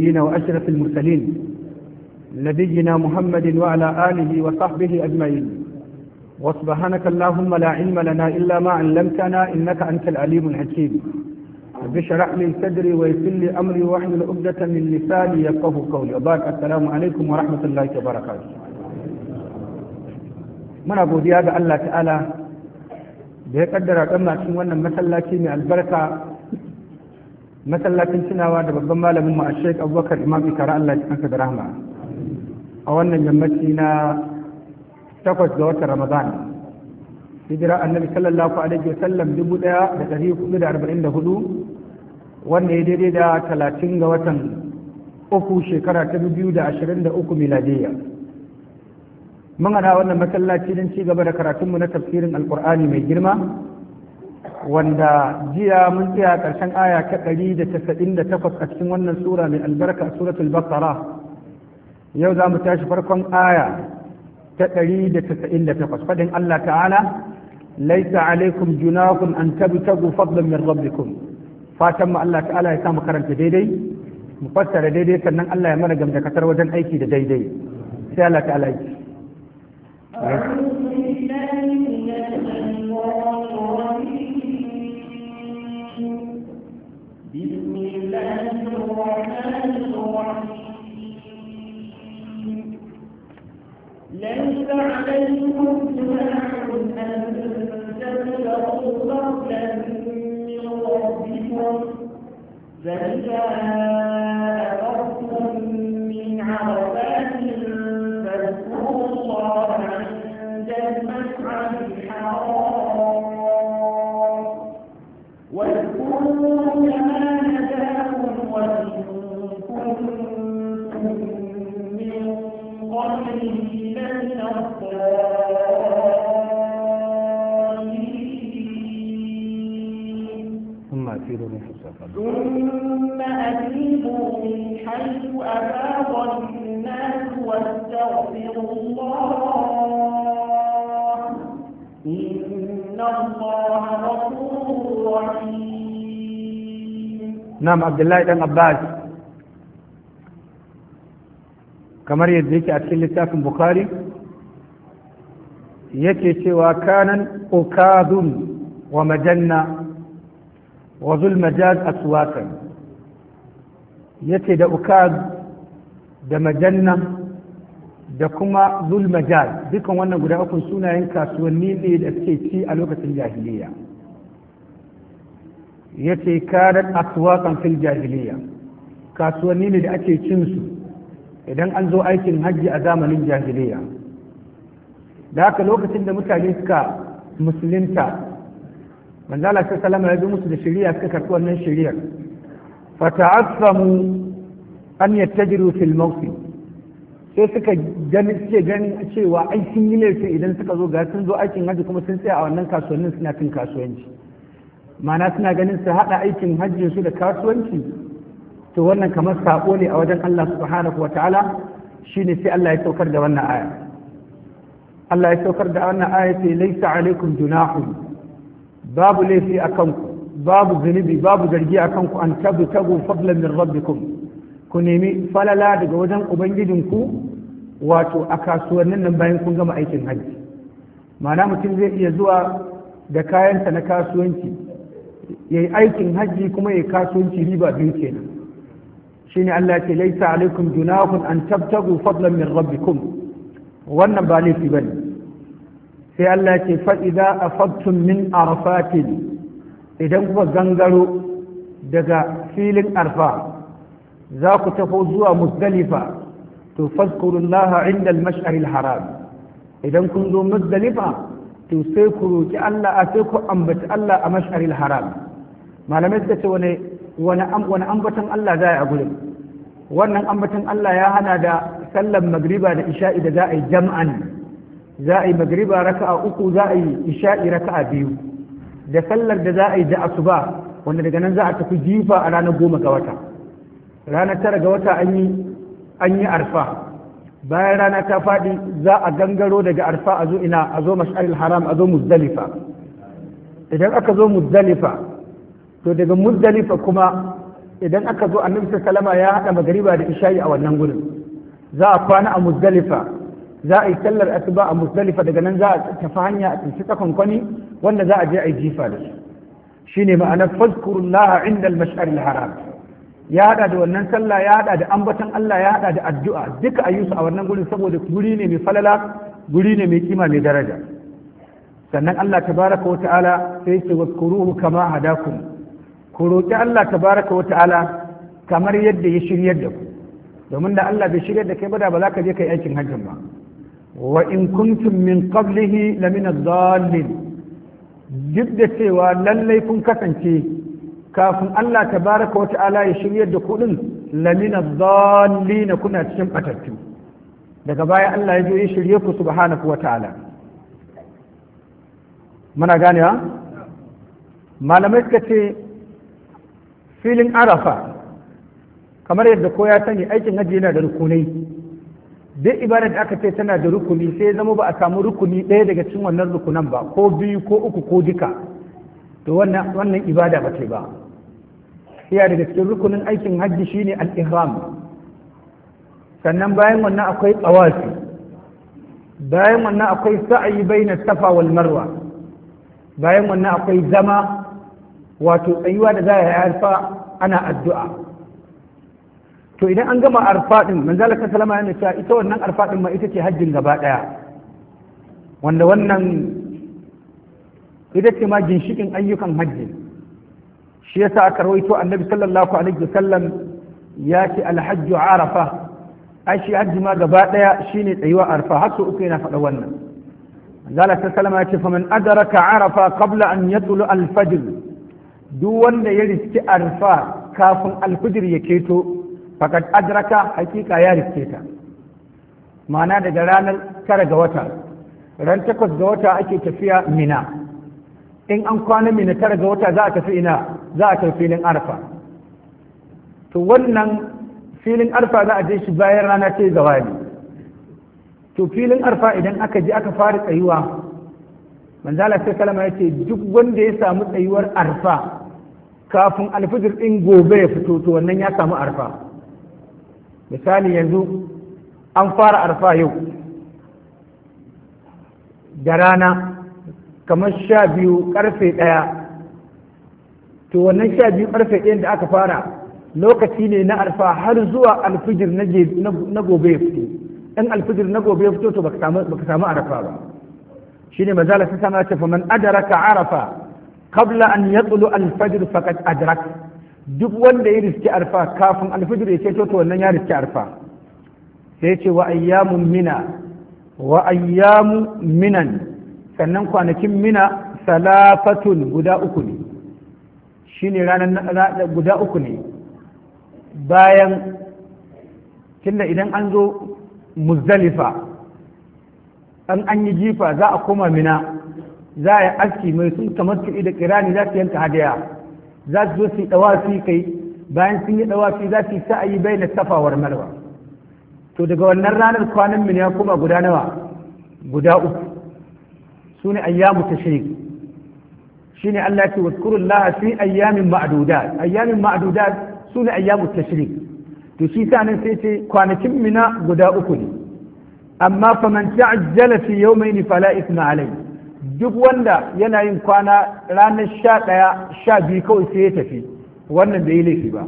نبينا وأشرف المرسلين نبينا محمد وعلى آله وصحبه أجمعين وسبحانك اللهم لا علم لنا إلا ما علمتنا إنك أنت العليم الحكيم رب اشرح لي صدري ويسر لي أمري واحلل عقدة من لساني يفقهوا قولي وبارك السلام عليكم ورحمة الله وبركاته من أبو دياب الله تعالى da ya kaddara kan cikin wannan masallaci mai albarka masallacin tunawa da babban malamin mu a sheik abubakar imam ikara allah ya da rahma a wannan yammaci na takwas ga watan ramadan hijira annabi sallallahu alaihi wa sallam dubu daya da dari hudu da arba'in da hudu wanda ya daidai da talatin ga watan uku shekara ta biyu da ashirin da uku miladiyya mun gana wannan masallaci don ci gaba da karatunmu na tafsirin alkur'ani mai girma wanda jiya mun tsaya ƙarshen aya ta ɗari da tasa'in da takwas a cikin wannan sura mai albarka suratul bakara yau za mu tashi farkon aya ta ɗari da tasa'in da takwas faɗin Allah ta'ala laisa alaikum junahun an tabi tabtagu fadlan min rabbikum fatan mu Allah ta'ala ya samu karanta daidai mu fassara daidai sannan Allah ya mana gamdakatar wajen aiki da daidai sai Allah ta'ala ya ليس عليكم جناح أن تبتغوا فضلا من ربكم فإذا أردتم من عرفات فاذكروا الله عند المشعر الحرام واذكروا كما هداكم وإن كنتم من قبله ثم أفيدوا من حيث ثم من حيث أفاض الناس واستغفروا الله إن الله غفور رحيم نعم عبد الله بن عباس kamar yadda yake a cikin littafin bukari yake cewa kanan ukadun wa majanna wa zulmajaz aswatan yace da ukad da majanna da kuma zulmajaz dukkan wannan guda uku sunayen kasuwanni ne da suke ci a lokacin jahiliya yace kanan a aswatan fil jahiliya kasuwanni ne da ake cin su idan an zo aikin hajji a zamanin jahiliya da haka lokacin da mutane suka musulunta manzala ya salama ya bi musu da shari'a suka karɓi wannan shari'ar ta'assamu an yattajiru fil mawsi sai suka gani suke cewa ai sun yi laifi idan suka zo ga sun zo aikin hajji kuma sun tsaya a wannan kasuwannin suna cin kasuwanci ma'ana suna ganin su haɗa aikin hajjin su da kasuwanci to wannan kamar saƙo ne a wajen Allah subhanahu wa ta'ala shine sai Allah ya saukar da wannan aya Allah ya saukar da wannan ayati laisa alaikum junahun babu laifi akan ku babu zunubi babu zargi akan ku an tagu fadlan min rabbikum ku nemi falala daga wajen ubangijinku wato a kasuwannin nan bayan kun gama aikin hajji ma'ana mutum zai iya zuwa da kayansa na kasuwanci ya yi aikin hajji kuma ya kasuwanci riba biyu kenan shine Allah ce laisa alaikum junahun an tabtagu fadlan min rabbikum wannan ba laifi bane sai Allah ce fa'iza a fattun min arfatin idan kuka gangaro daga filin arfa za ku taho zuwa musdalifa to faskurullaha inda masharil haram idan kun zo musdalifa to sai ku roki Allah a sai ku ambaci Allah a mash'aril haram malamai suka ce wani wani ambatan Allah za a gurin wannan ambatan Allah ya hana da sallan magriba da isha'i da za a yi jam'an za a yi magriba raka'a uku za a yi isha'i raka'a biyu da sallar da za a yi da asuba wanda daga nan za a tafi jifa a ranar goma ga wata ranar tara ga wata an yi arfa bayan rana ta faɗi za a gangaro daga arfa a zo ina a zo mash'aril haram a zo muzdalifa idan aka zo muzdalifa to daga muzdalifa kuma idan aka zo annabi salama ya haɗa magariba da isha'i a wannan gurin za a kwana a muzdalifa za a yi sallar asuba a musdalifa daga nan za a tafi hanya a tsinci tsakankwani wanda za a je a yi jifa da shi shine ma'anar fazkurullaha inda al-mash'aril haram ya hada da wannan sallah ya hada da ambaton Allah ya hada da addu'a duka ayyusu a wannan gurin saboda guri ne mai falala guri ne mai kima mai daraja sannan Allah tabaraka wa ta'ala sai ce wazkuruhu kama hadakum ku roki Allah tabaraka wa ta'ala kamar yadda ya shiryar da ku domin da Allah bai shiryar da kai ba da ba za ka je kai aikin hajjin ba wa in kuntum min qablihi lamina dallin duk da cewa lallai kun kasance kafin Allah tabaraka wa ta'ala ya shirya da kudin lamina na kuna cikin batattu daga baya Allah ya zo ya shirye ku subhanahu wa ta'ala muna ganewa malamai suka ce filin arafa kamar yadda ko ya sani aikin aji yana da rukunai duk ibada da aka ce tana da rukuni sai ya zama ba a samu rukuni ɗaya daga cikin wannan rukunan ba ko biyu ko uku ko duka to wannan ibada ba ce ba iya daga cikin rukunin aikin hajji shine al-ihram sannan bayan wannan akwai tsawafi bayan wannan akwai sa'ayi bai safa wal marwa bayan wannan akwai zama wato tsayuwa da za a yi alfa ana addu'a to idan an gama arfa din manzo Allah sallama yana cewa ita wannan arfaɗin ma ita ce hajjin gaba daya wanda wannan ita ce ma ginshikin ayyukan hajji shi yasa aka rawaito annabi sallallahu alaihi wasallam ya ce alhajju arafa ai shi hajji ma gaba daya shine tsayuwa arfa har so uku yana faɗa wannan zala ta salama ya ce faman adraka arafa qabla an yatlu alfajr duk wanda ya riski arfa kafin alfajr ya keto fakat adraka hakika ya riske ta ma'ana daga ranar tara ga wata ran takwas ga wata ake tafiya mina in an kwana mina tara ga wata za a tafi ina za a tafi filin arfa to wannan filin arfa za a je shi bayan rana ce zawali to filin arfa idan aka je aka fara tsayuwa manzala sai kalama ya ce duk wanda ya samu tsayuwar arfa kafin alfijir din gobe ya fito to wannan ya samu arfa misali yanzu an fara arfa yau da rana kamar sha biyu karfe ɗaya to wannan sha biyu karfe ɗayan da aka fara lokaci ne na arfa har zuwa alfijir na gobe ya fito in alfijir na gobe ya fito to baka samu arfa ba Shi shine mazala ta sama ce faman adraka arafa qabla an yatlu alfajr faqad adrak duk wanda ya riski arfa kafin alfijir ya ce to wannan ya riski arfa sai ce wa ayyamun mina wa ayyamu minan sannan kwanakin mina salafatun guda uku ne shine ranar guda uku ne bayan tunda idan an zo muzdalifa an an yi jifa za a koma mina za a yi aski mai sun kamar da kirani za ta yanka hadiya za su zo su dawafi kai bayan sun yi dawafi za su yi sa'ayi bai na safawar marwa to daga wannan ranar kwanan min ya kuma guda nawa guda uku su ne ayyamu tashrik shine Allah ce wadkurullaha fi ayyamin ma'dudat ayyamin ma'dudat su ne ayyamu tashrik to shi sa nan sai ce kwanakin mina guda uku ne amma faman ta'ajjala fi yawmayn fala ithma alayhi duk wanda yana yin kwana ranar sha ɗaya sha biyu kawai sai ya tafi wannan bai yi laifi ba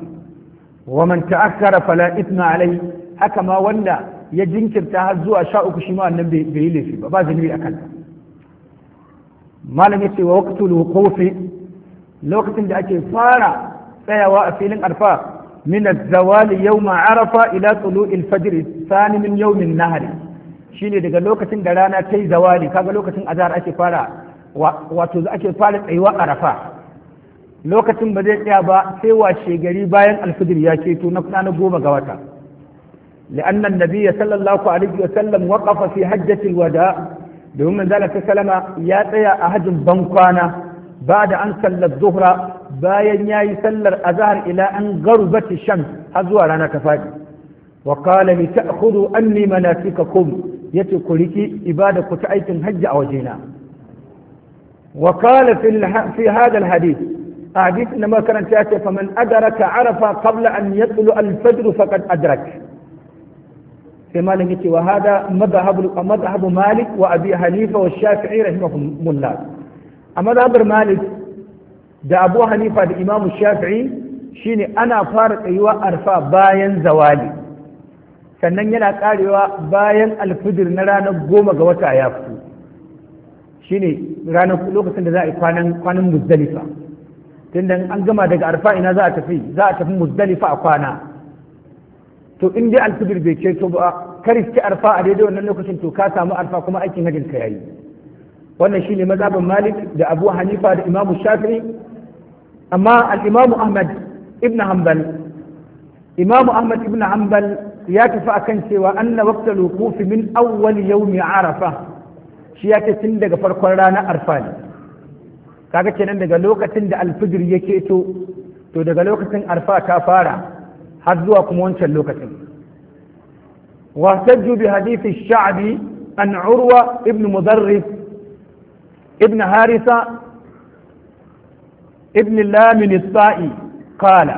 wa man ta'akkara fala itna alai haka ma wanda ya jinkirta har zuwa sha uku shi ma wannan bai yi laifi ba ba zunubi a kanta malam yace wa waqtul wuqufi lokacin da ake fara tsayawa a filin arfa min az-zawali yawma arafa ila tulu'il fajr thani min yawmin nahari shine daga lokacin da rana ta yi zawali kaga lokacin azahar ake fara wato za ake fara tsayuwa a rafa lokacin ba zai tsaya ba sai washe gari bayan alfijir ya ceto na kuna na goma ga wata li'anna nabiya sallallahu alaihi wa sallam waqafa fi hajjati alwada domin manzo Allah sallama ya tsaya a hajin ban kwana ba da an salla zuhra bayan ya yi sallar azahar ila an garubati shams har zuwa rana ta faɗi. fadi وقال لتأخذوا أني مناسككم yace ku riki ibada ku ta aikin hajji a wajena wa qala fi hadha al hadith a hadisin da makaranta yace faman adraka arafa qabla an yatlu al fajr faqad adrak sai malam yace wa hada madhhabu madhhabu malik wa abi hanifa wa shafi'i rahimahumullah a madhabar malik da abu hanifa da imamu shafi'i shine ana fara tsayuwa arfa bayan zawali sannan yana karewa bayan alfijir na ranar goma ga wata ya fito shine ranar lokacin da za a yi kwanan kwanan muzdalifa tunda an gama daga arfa ina za a tafi za a tafi muzdalifa a kwana to in dai alfijir bai to ba kar ki arfa a daidai wannan lokacin to ka samu arfa kuma aikin hajjin ka yayi wannan shine mazhabin malik da abu hanifa da imamu shafi'i amma al-imamu ahmad ibn hanbal imamu ahmad ibn hanbal ya tafi akan cewa na waqtal wuqufi min awwal yaumi arafa shi ya tun daga farkon ranar arfa ne kaga kenan daga lokacin da alfijir ya keto to daga lokacin arfa ta fara har zuwa kuma wancan lokacin واحتجوا بحديث الشعبي an عروة ابن مدرس ibn هارثة ابن اللامن الصائي قال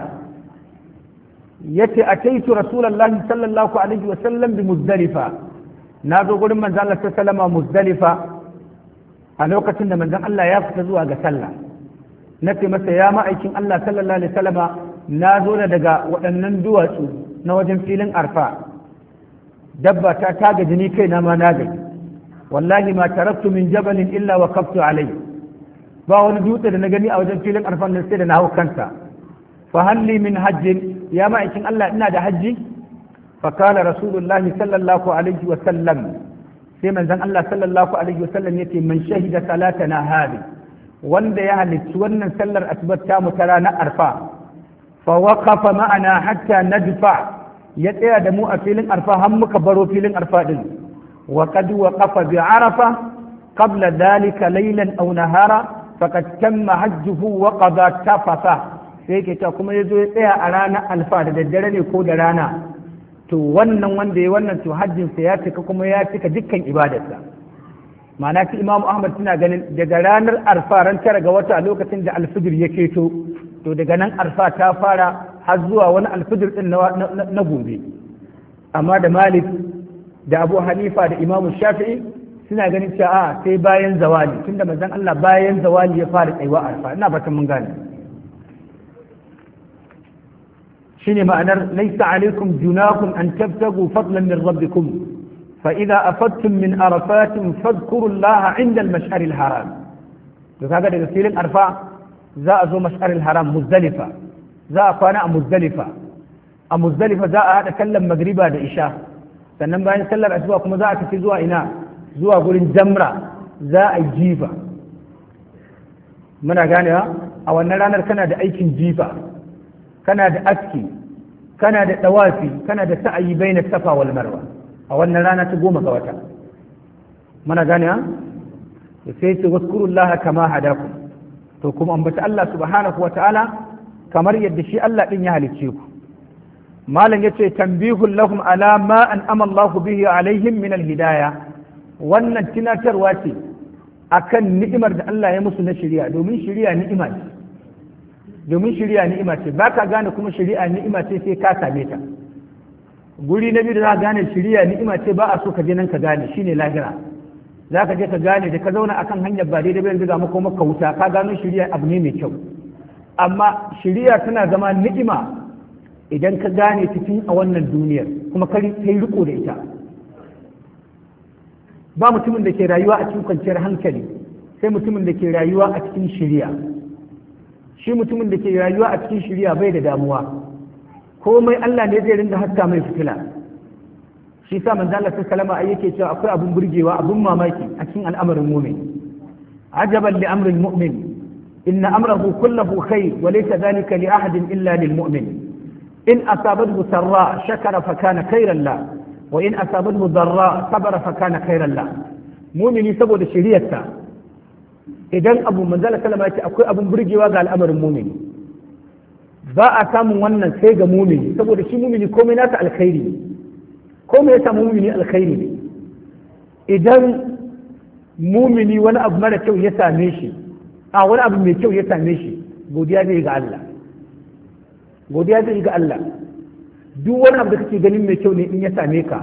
yace ataitu rasulullahi sallallahu alaihi wasallam bi muzdalifa na zo gurin manzon Allah sallallahu alaihi muzdalifa a lokacin da manzon Allah ya fita zuwa ga sallah na ce masa ya ma'aikin Allah sallallahu alaihi wasallama na zo da daga waɗannan duwatsu na wajen filin arfa dabba ta ta gaji ni kai na ma na gaji wallahi ma taraktu min jabalin illa wa kaftu alai ba wani dutse da na gani a wajen filin arfa ne sai da na hau kansa fa halli min hajjin ya ma'aikin Allah ina da hajji fakala rasulullahi sallallahu alaihi wa sallam sai manzon Allah sallallahu alaihi wa sallam yace man shahida salatana hadi wanda ya halicci wannan sallar asubar ta mu ta ranar arfa fa waqafa ma'ana hatta nadfa ya tsaya da mu a filin arfa har muka baro filin arfa din wa qad waqafa bi arafa qabla dhalika laylan aw nahara faqad tamma hajjuhu wa qada tafasa sai yake ta kuma ya zo ya tsaya a ranar alfa da daddare ne ko da rana to wannan wanda ya wannan to hajjinsa ya cika kuma ya cika dukkan ibadarsa ma'ana shi imamu ahmad suna ganin daga ranar alfa ran tara ga wata lokacin da alfijir ya keto to daga nan alfa ta fara har zuwa wani alfijir din na gobe amma da malik da abu hanifa da imamu shafi'i suna ganin cewa sai bayan zawali tunda manzon allah bayan zawali ya fara tsayuwa alfa ina batun mun gane shine ma'anar laisa alaikum junahun an tabtagu fadlan min rabbikum fa idza afattum min arafatin fadhkurullaha inda al-mash'ar al-haram to kaga daga filin arfa za a zo mash'ar al-haram muzdalifa za a kwana a muzdalifa a muzdalifa za a hada kallon magriba da isha sannan bayan sallar asuba kuma za a tafi zuwa ina zuwa gurin jamra za a jifa muna ganewa a wannan ranar kana da aikin jifa kana da aski kana da dawafi kana da sa'ayi baina safa wal marwa a wannan rana ta goma ga wata mana gane ha sai ce waskurullaha kama hadakum to kuma ambaci Allah subhanahu wata'ala ta'ala kamar yadda shi Allah din ya halicce ku malam yace ce lahum ala ma an amallahu bihi alaihim min alhidayah wannan tunatarwa ce akan ni'imar da Allah ya musu na shari'a domin shari'a ni'ima ce domin shari'a ni'ima ce ba ka gane kuma shari'a ni'ima ce sai ka same ta guri na biyu da za ka gane shari'a ni'ima ce ba a so ka je nan ka gane shine lahira za ka je ka gane da ka zauna akan hanyar ba daidai bayan riga maka maka wuta ka gano shari'a abu ne mai kyau amma shari'a tana zama ni'ima idan ka gane cikin a wannan duniyar kuma ka yi riko da ita ba mutumin da ke rayuwa a cikin kwanciyar hankali sai mutumin da ke rayuwa a cikin shari'a shi mutumin da ke rayuwa a cikin shirya bai da damuwa komai Allah ne zai rinda haska mai fitila shi sa manzo Allah sallama ai yake cewa akwai abun burgewa abun mamaki a cikin al'amarin mu'min ajaban li amrin mu'min inna amrahu kullahu khair wa laysa dhalika li ahadin illa lil mu'min in asabathu sarra shakara fa kana khairan la wa in asabathu darra sabara fa kana khairan la mu'mini saboda shiriyarsa idan abu manzala ya ce akwai abin burgewa ga al'amarin mumini ba a samun wannan sai ga mumini saboda shi mumini komai nasa alkhairi komai ya samu mumini alkhairi ne idan mumini wani abu mara kyau ya same shi a wani abu mai kyau ya same shi godiya zai ga Allah godiya zai ga Allah duk wani abu da kake ganin mai kyau ne in ya same ka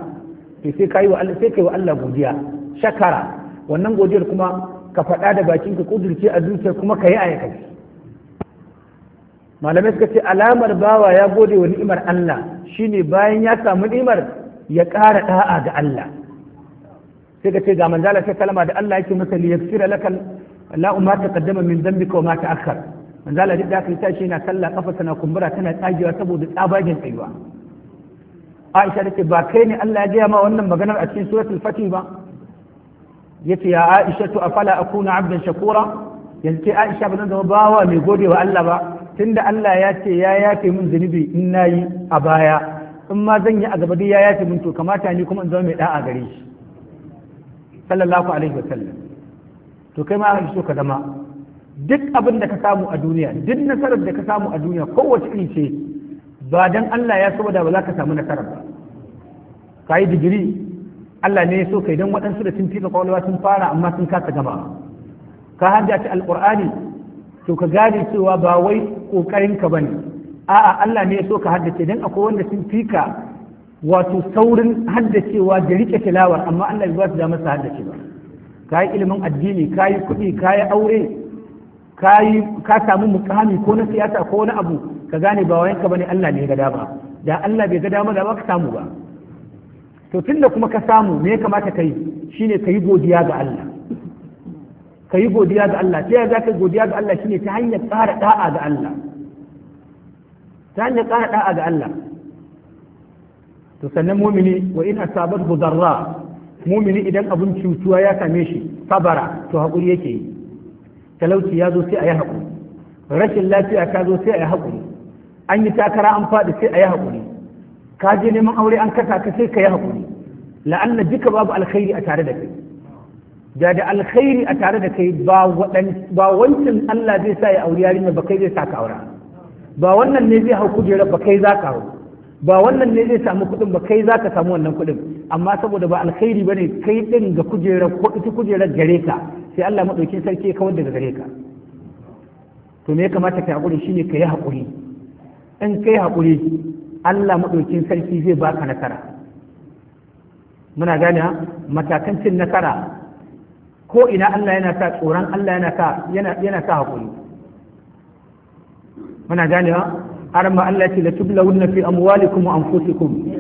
to sai kai wa Allah sai kai wa Allah godiya shakara wannan godiyar kuma ka faɗa da bakin ka kudurce a zuciya kuma ka yi aikace malamai suka ce alamar bawa ya gode wa ni'imar Allah shine bayan ya samu ni'imar ya ƙara ɗa'a ga Allah sai ka ce ga manzala ta kalma da Allah yake masa li yaghfira laka la ma kaddama min dhanbika wa ma ta'akkar. manzala da kai shi na sallah kafa tana kumbura tana tsagewa saboda tsabagen tsayuwa Aisha ta ce ba kai ne Allah ya gaya ma wannan maganar a cikin suratul Fatih ba yace ya Aisha tu afala akuna abdan shakura yanzu ke Aisha ba zan zama bawa mai gode wa Allah ba tunda Allah ya ce ya yafe min zunubi in nayi a baya in ma zan yi a gaba dai ya yafe min to kamata ni kuma in zama mai da'a gare shi sallallahu alaihi wasallam to kai ma so ka zama duk abin da ka samu a duniya duk nasarar da ka samu a duniya kowace iri ce ba dan Allah ya so da ba za ka samu nasarar ba ka yi digiri Allah ne ya so kai don waɗansu da sun fi kwakwalwa sun fara amma sun kasa gaba ka hajjaci alƙur'ani to ka gane cewa ba wai ƙoƙarinka ba ne a'a Allah ne ya so ka haddace don akwai wanda sun fi ka wato saurin haddacewa da rike tilawar amma Allah bai ba su damar su haddace ba ka yi ilimin addini ka yi kuɗi ka yi aure ka samu mukami ko na siyasa ko wani abu ka gane ba wayanka bane Allah ne ya ga dama da Allah bai ga dama da ba ka samu ba to tunda kuma ka samu me ya kamata ka yi shine ka yi godiya ga Allah ka yi godiya ga Allah ta za ka yi godiya ga Allah shine ta hanyar ƙara da'a ga Allah ta hanyar ƙara da'a ga Allah to sannan mumini wa in asabathu darra mumini idan abun cutuwa ya same shi sabara to haƙuri yake yi talauci ya zo sai a yi haƙuri rashin lafiya ka zo sai a yi haƙuri an yi takara an faɗi sai a yi haƙuri ka je neman aure an kasa ka sai ka yi hakuri la'alla duka babu alkhairi a tare da kai da da alkhairi a tare da kai ba wancan Allah zai sa ya aure yarinya ba kai zai sa ka aura ba wannan ne zai hau kujera ba kai za ka hau ba wannan ne zai samu kuɗin ba kai za ka samu wannan kuɗin amma saboda ba alkhairi ba ne kai ɗin ga kujerar ko ita kujerar gare ka sai Allah maɗaukin sarki ya kawar daga gare ka to me ya kamata ka haƙuri shine ka yi haƙuri in kai haƙuri Allah maɗaukin sarki zai baka nasara muna gane matakan cin nasara ko ina Allah yana sa tsoron Allah yana sa yana yana sa hakuri muna gane har ma Allah ce la tublawunna fi amwalikum wa anfusikum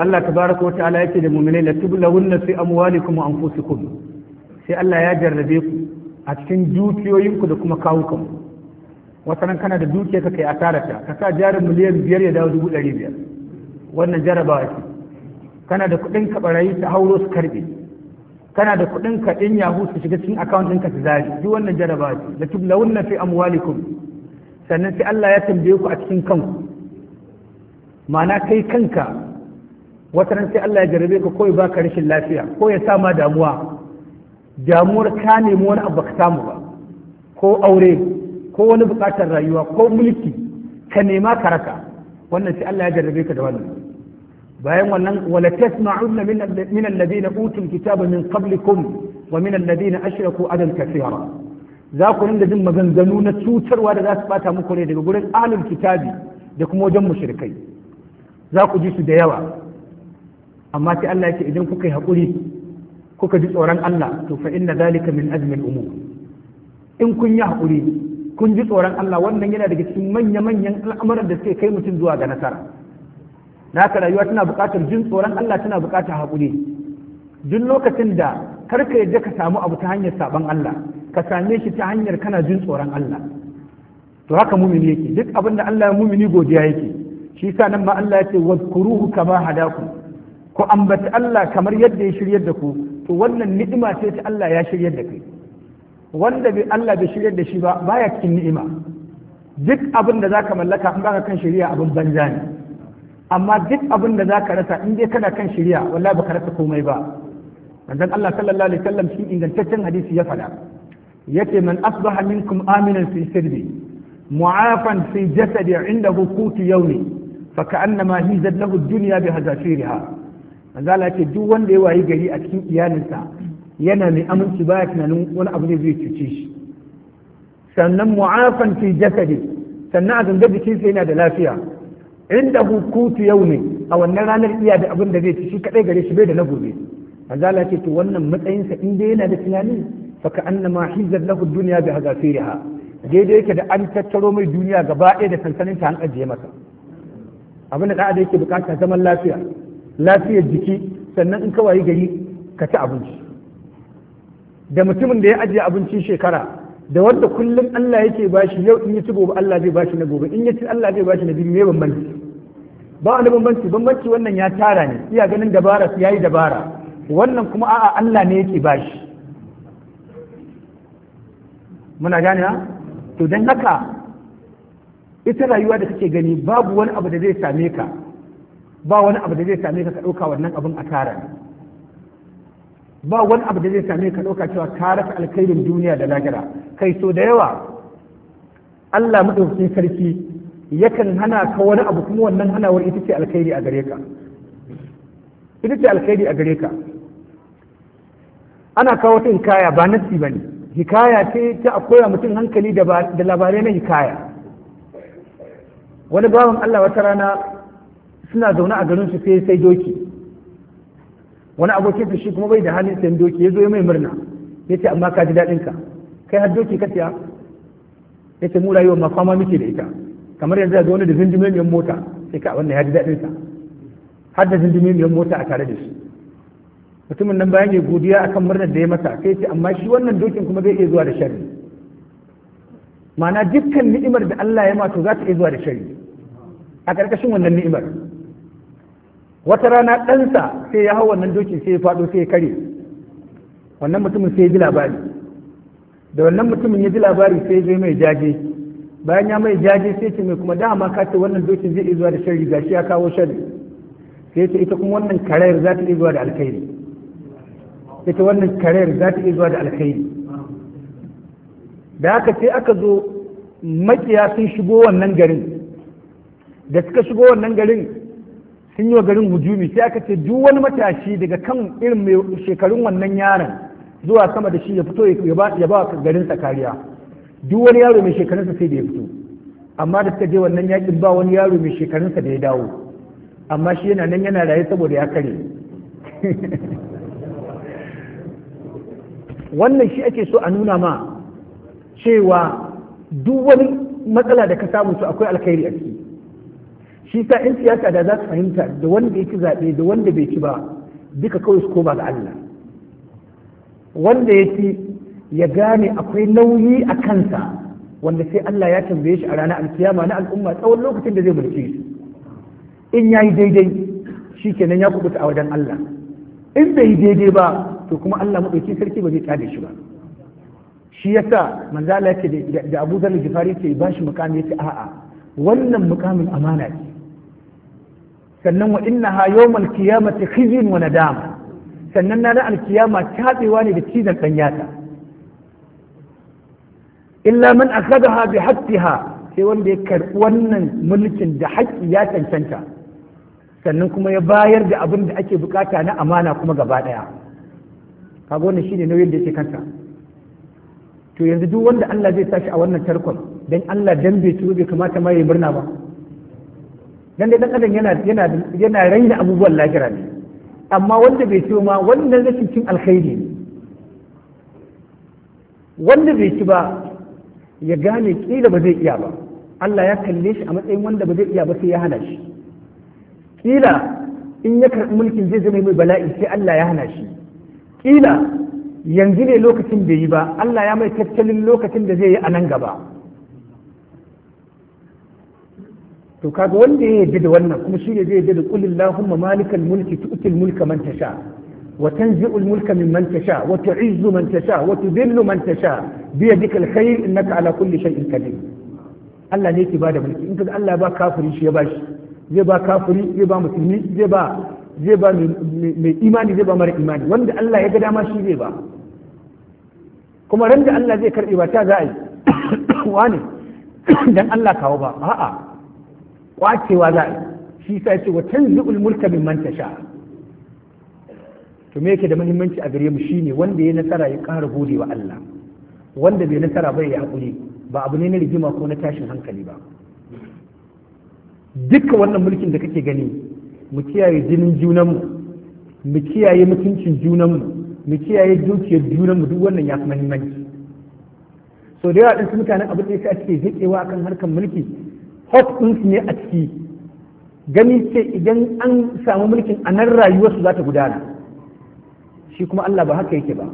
Allah tabaraka wa ta'ala yake da mu'minai la tublawunna fi amwalikum wa anfusikum sai Allah ya jarrabe ku a cikin dukiyoyinku da kuma kawukan wata nan kana da dukiya ka kai ta ka sa jarin miliyan biyar ya dawo dubu ɗari biyar wannan jarabawa ce kana da kuɗin ka barayi ta hauro su karɓe kana da kuɗin ka ɗin yahu su shiga cikin akawun ɗinka su zari duk wannan jarabawa ce la tublawunna fi amwalikum sannan sai Allah ya tambaye ku a cikin kanku ma'ana kai kanka wata ran sai Allah ya jarabe ka ko ya baka rashin lafiya ko ya sa ma damuwa damuwar ka nemi wani abu ka samu ba ko aure ko wani bukatar rayuwa ko mulki ka nema ka raka wannan sai Allah ya jarabe ka da wannan bayan wannan wala tasma'un min alladhina utul kitaba min qablikum wa min alladhina ashraku adan kathira za ku rinda jin maganganu na cutarwa da za su bata muku ne daga gurin ahlul kitabi da kuma wajen mushrikai za ku ji su da yawa amma sai Allah yake idan kuka yi haƙuri kuka ji tsoron Allah to fa inna zalika min azumin umur in kun yi haƙuri kun ji tsoron Allah wannan yana daga cikin manya-manyan al'amuran da suke kai mutum zuwa ga nasara naka rayuwa tana buƙatar jin tsoron Allah tana buƙatar haƙuri duk lokacin da karka ka yadda ka samu abu ta hanyar saban Allah ka same shi ta hanyar kana jin tsoron Allah to haka mumini yake duk abin da Allah ya mumini godiya yake shi sa nan ma Allah ya ce wazkuruhu kama hadakum ku ambaci Allah kamar yadda ya shiryar da ku to wannan ni'ima ce ta Allah ya shiryar da kai wanda bai Allah bai shiryar da shi ba baya cikin ni'ima duk abin da zaka mallaka in baka kan shari'a abin banza ne amma duk abin da zaka rasa in dai kana kan shari'a wallahi baka rasa komai ba dan Allah sallallahu alaihi wasallam shi ingantaccen hadisi ya faɗa yace man asbaha minkum aminan fi sirri mu'afan fi jasadi indahu qutu yawmi fa ka'annama hizat lahu ad-dunya bi hazafiriha manzala ce duk wanda ya wayi gari a cikin iyalinsa yana mai aminci baya tunanin wani abu ne zai cuce shi sannan mu'afan fi jasadi sannan a zanga jikinsa yana da lafiya inda hukutu yau ne a wannan ranar iya da abin da zai ci shi kadai gare shi bai da na gobe manzala ce to wannan matsayinsa in dai yana da tunani faka annama hizar lahu duniya bi hazafiriha daidai yake da an tattaro mai duniya gaba ɗaya da sansanin ta an ajiye masa abin da da yake bukata zaman lafiya lafiyar jiki sannan in kawai gari ka ci abinci da mutumin da ya ajiye abinci shekara da wanda kullum Allah yake bashi yau in ya ci gobe Allah zai bashi na gobe in ya ci Allah zai bashi na biyu me bambanci ba wani bambanci bambanci wannan ya tara ne iya ganin dabara ya yi dabara wannan kuma a'a Allah ne yake bashi muna gane ha to dan haka ita rayuwa da kake gani babu wani abu da zai same ka ba wani abu da zai same ka ka ɗauka wannan abin a tara ba wani abu da zai same ka ɗauka cewa ka rasa alkhairin duniya da lahira kai so da yawa Allah maɗaukakin sarki yakan hana ka wani abu kuma wannan hanawar ita ce alkhairi a gare ka ita ce alkhairi a gare ka ana kawo ta hikaya ba nasi ba ne hikaya ce ta akwai mutum hankali da labarai na hikaya wani bawan Allah wata rana suna zaune a garin su sai sai doki wani abokin su shi kuma bai da halin sai doki ya zo ya mai murna yace amma ka ji dadin ka kai har doki ka siya yace mu rayuwar ma fama muke da ita kamar yanzu da wani da zindimemiyar mota sai ka wannan ya ji dadin sa har da zindimemiyar mota a tare da shi mutumin nan bayan ya godiya akan murnar da ya masa sai ce amma shi wannan dokin kuma zai iya zuwa da sharri ma'ana dukkan ni'imar da Allah ya mato za ta iya zuwa da sharri a ƙarƙashin wannan ni'imar wata rana ɗansa sai ya hau wannan doki sai ya faɗo sai ya kare wannan mutumin sai ya ji labari da wannan mutumin ya ji labari sai ya zo mai jaje bayan ya mai jaje sai ce mai kuma dama ka ce wannan dokin zai iya zuwa da sharri shi ya kawo sharri sai ce ita kuma wannan karayar za ta iya zuwa da alkhairi ita wannan karayar za ta iya zuwa da alkhairi da haka sai aka zo makiya sun shigo wannan garin da suka shigo wannan garin sun yi wa garin hujumi sai aka ce duk wani matashi daga kan irin mai shekarun wannan yaron zuwa sama da shi ya fito ya ba garinsa kariya duk wani yaro mai shekarunsa sai da ya fito amma da suka je wannan yakin ba wani yaro mai shekarunsa da ya dawo amma shi yana nan yana raye saboda ya kare wannan shi ake so a nuna ma cewa duk wani matsala da ka samu to akwai alkhairi a ciki shi sa in siyasa da za su fahimta da wanda ya ci zaɓe da wanda bai ci ba duka kawai su koma ga Allah wanda ya ci ya gane akwai nauyi a kansa wanda sai Allah ya tambaye shi a ranar alkiyama na al'umma tsawon lokacin da zai mulke su in ya yi daidai shi kenan ya kubuta a wajen Allah in bai yi daidai ba to kuma Allah maɗauki sarki ba zai tsade shi ba shi yasa manzo Allah yake da Abu Dharr Gifari ce ba shi mukami yace a'a wannan mukamin amana ce sannan wa innaha yawmal qiyamati khizyun wa dama sannan na alkiyama tabewa ne da cizon dan yatsa illa man akhadaha bi haqqiha sai wanda ya karbi wannan mulkin da haƙƙi ya cancanta sannan kuma ya bayar da abin da ake bukata na amana kuma gaba daya kaga wannan shine nauyin da yake kanta to yanzu duk wanda Allah zai tashi a wannan tarkon dan Allah dan bai tuba bai kamata mai murna ba dan da dan adam yana yana yana raina abubuwan lahira ne amma wanda bai ci ma wannan rashin cin alkhairi ne wanda bai ci ba ya gane kila ba zai iya ba Allah ya kalle shi a matsayin wanda ba zai iya ba sai ya hana shi kila in ya karɓi mulkin zai zama mai bala'i sai Allah ya hana shi kila yanzu ne lokacin da yi ba Allah ya mai tattalin lokacin da zai yi a nan gaba to kaga wanda ya yarda da wannan kuma shi ne zai yarda da qul allahumma malikal mulki tu'til mulka man tasha wa tanzi'ul mulka man tasha wa tu'izzu man tasha wa tudhillu man tasha bi yadika alkhair innaka ala kulli shay'in qadir Allah ne yake ba da mulki in kaga Allah ba kafiri shi ya bashi zai ba kafiri zai ba musulmi zai ba zai ba mai imani zai ba mara imani wanda Allah ya ga dama shi zai ba kuma ran da Allah zai karbe ba ta za a yi wani dan Allah kawo ba a'a kwacewa za a shi sa ce wa tanzi'ul mulka mimman tasha to me yake da muhimmanci a gare mu shine wanda ya nasara ya ƙara gode wa Allah wanda bai nasara ba ya hakuri ba abu ne na rigima ko na tashin hankali ba duka wannan mulkin da kake gani mu kiyaye jinin junanmu mu kiyaye mutuncin junanmu mu kiyaye dukiyar junanmu duk wannan ya fi muhimmanci so da yawa ɗansu mutanen abin da ya sa suke zaƙewa akan harkar mulki hot ɗinsu ne a ciki gani ce idan an samu mulkin a nan rayuwarsu za ta gudana shi kuma Allah ba haka yake ba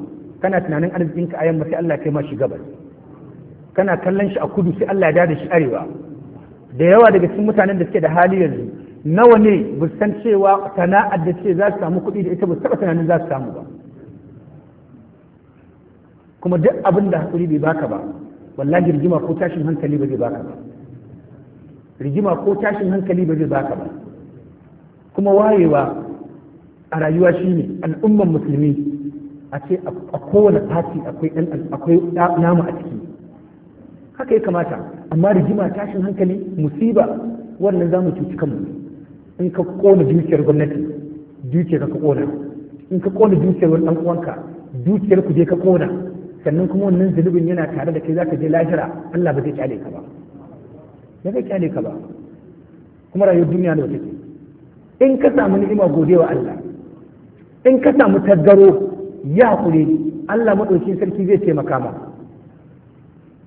kana tunanin arzikinka a yamma sai Allah kai ma shi gabas kana kallon shi a kudu sai Allah ya da shi arewa da yawa daga cikin mutanen da suke da hali yanzu nawa ne ba san cewa sana'ar da ce za su samu kuɗi da ita ba taɓa tunanin za su samu ba kuma duk abin da hakuri bai baka ba wallahi rigima ko tashin hankali ba zai baka ba rigima ko tashin hankali ba zai baka ba kuma wayewa a rayuwa shine al'ummar musulmi a ce a kowane fati akwai akwai nama a ciki haka ya kamata amma rigima tashin hankali musiba wannan za mu cuci kanmu in ka kona dukiyar gwamnati dukiyar ka kona in ka kona dukiyar wani ɗan dukiyar ku je ka kona sannan kuma wannan zunubin yana tare da kai zaka je lahira Allah ba zai kyale ka ba ya zai kyale ka ba kuma rayuwar duniya da wata in ka samu ni'ima wa Allah in ka samu taggaro ya hakuri Allah maɗauki sarki zai taimaka ma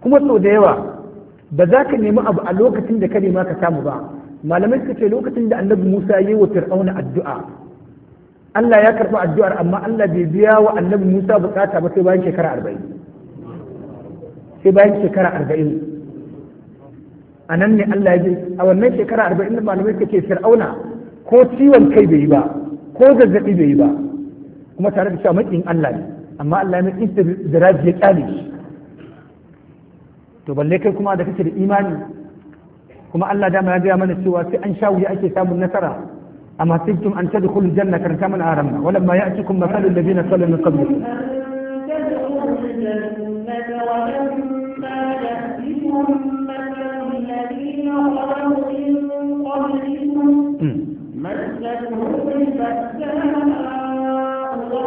kuma sau da yawa ba za ka nemi abu a lokacin da ka nema ka samu ba malamai suka ce lokacin da annabi Musa ya yi wa fir'auna addu'a Allah ya karɓi addu'ar amma Allah bai biya wa annabi Musa bukata ba sai bayan shekara arba'in sai bayan shekara arba'in a nan ne Allah ya a wannan shekara arba'in da malamai suka ke fir'auna ko ciwon kai bai yi ba ko zazzaɓi bai yi ba kuma tare da cewa maƙin Allah ne amma Allah ya mai istidiraji ya kyale shi to balle kai kuma da kake da imani kuma Allah dama ya gaya mana cewa sai an sha wuya ake samun nasara an أما حسبتم أن تدخلوا الجنة كركا من آرمنا ولما يأتكم مثل الذين صلوا من قبلكم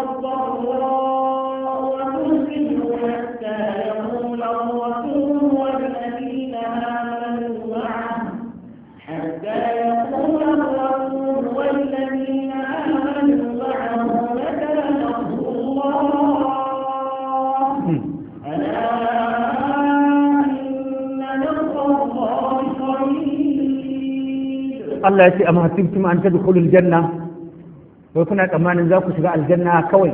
حتى يقول الرسول والذين آمنوا معه حتى يقول الرسول والذين آمنوا معه متى الله ألا إن نصر الله قريب الله يسأل أما أن تدخل الجنة wai kuna tsammanin za ku shiga aljanna kawai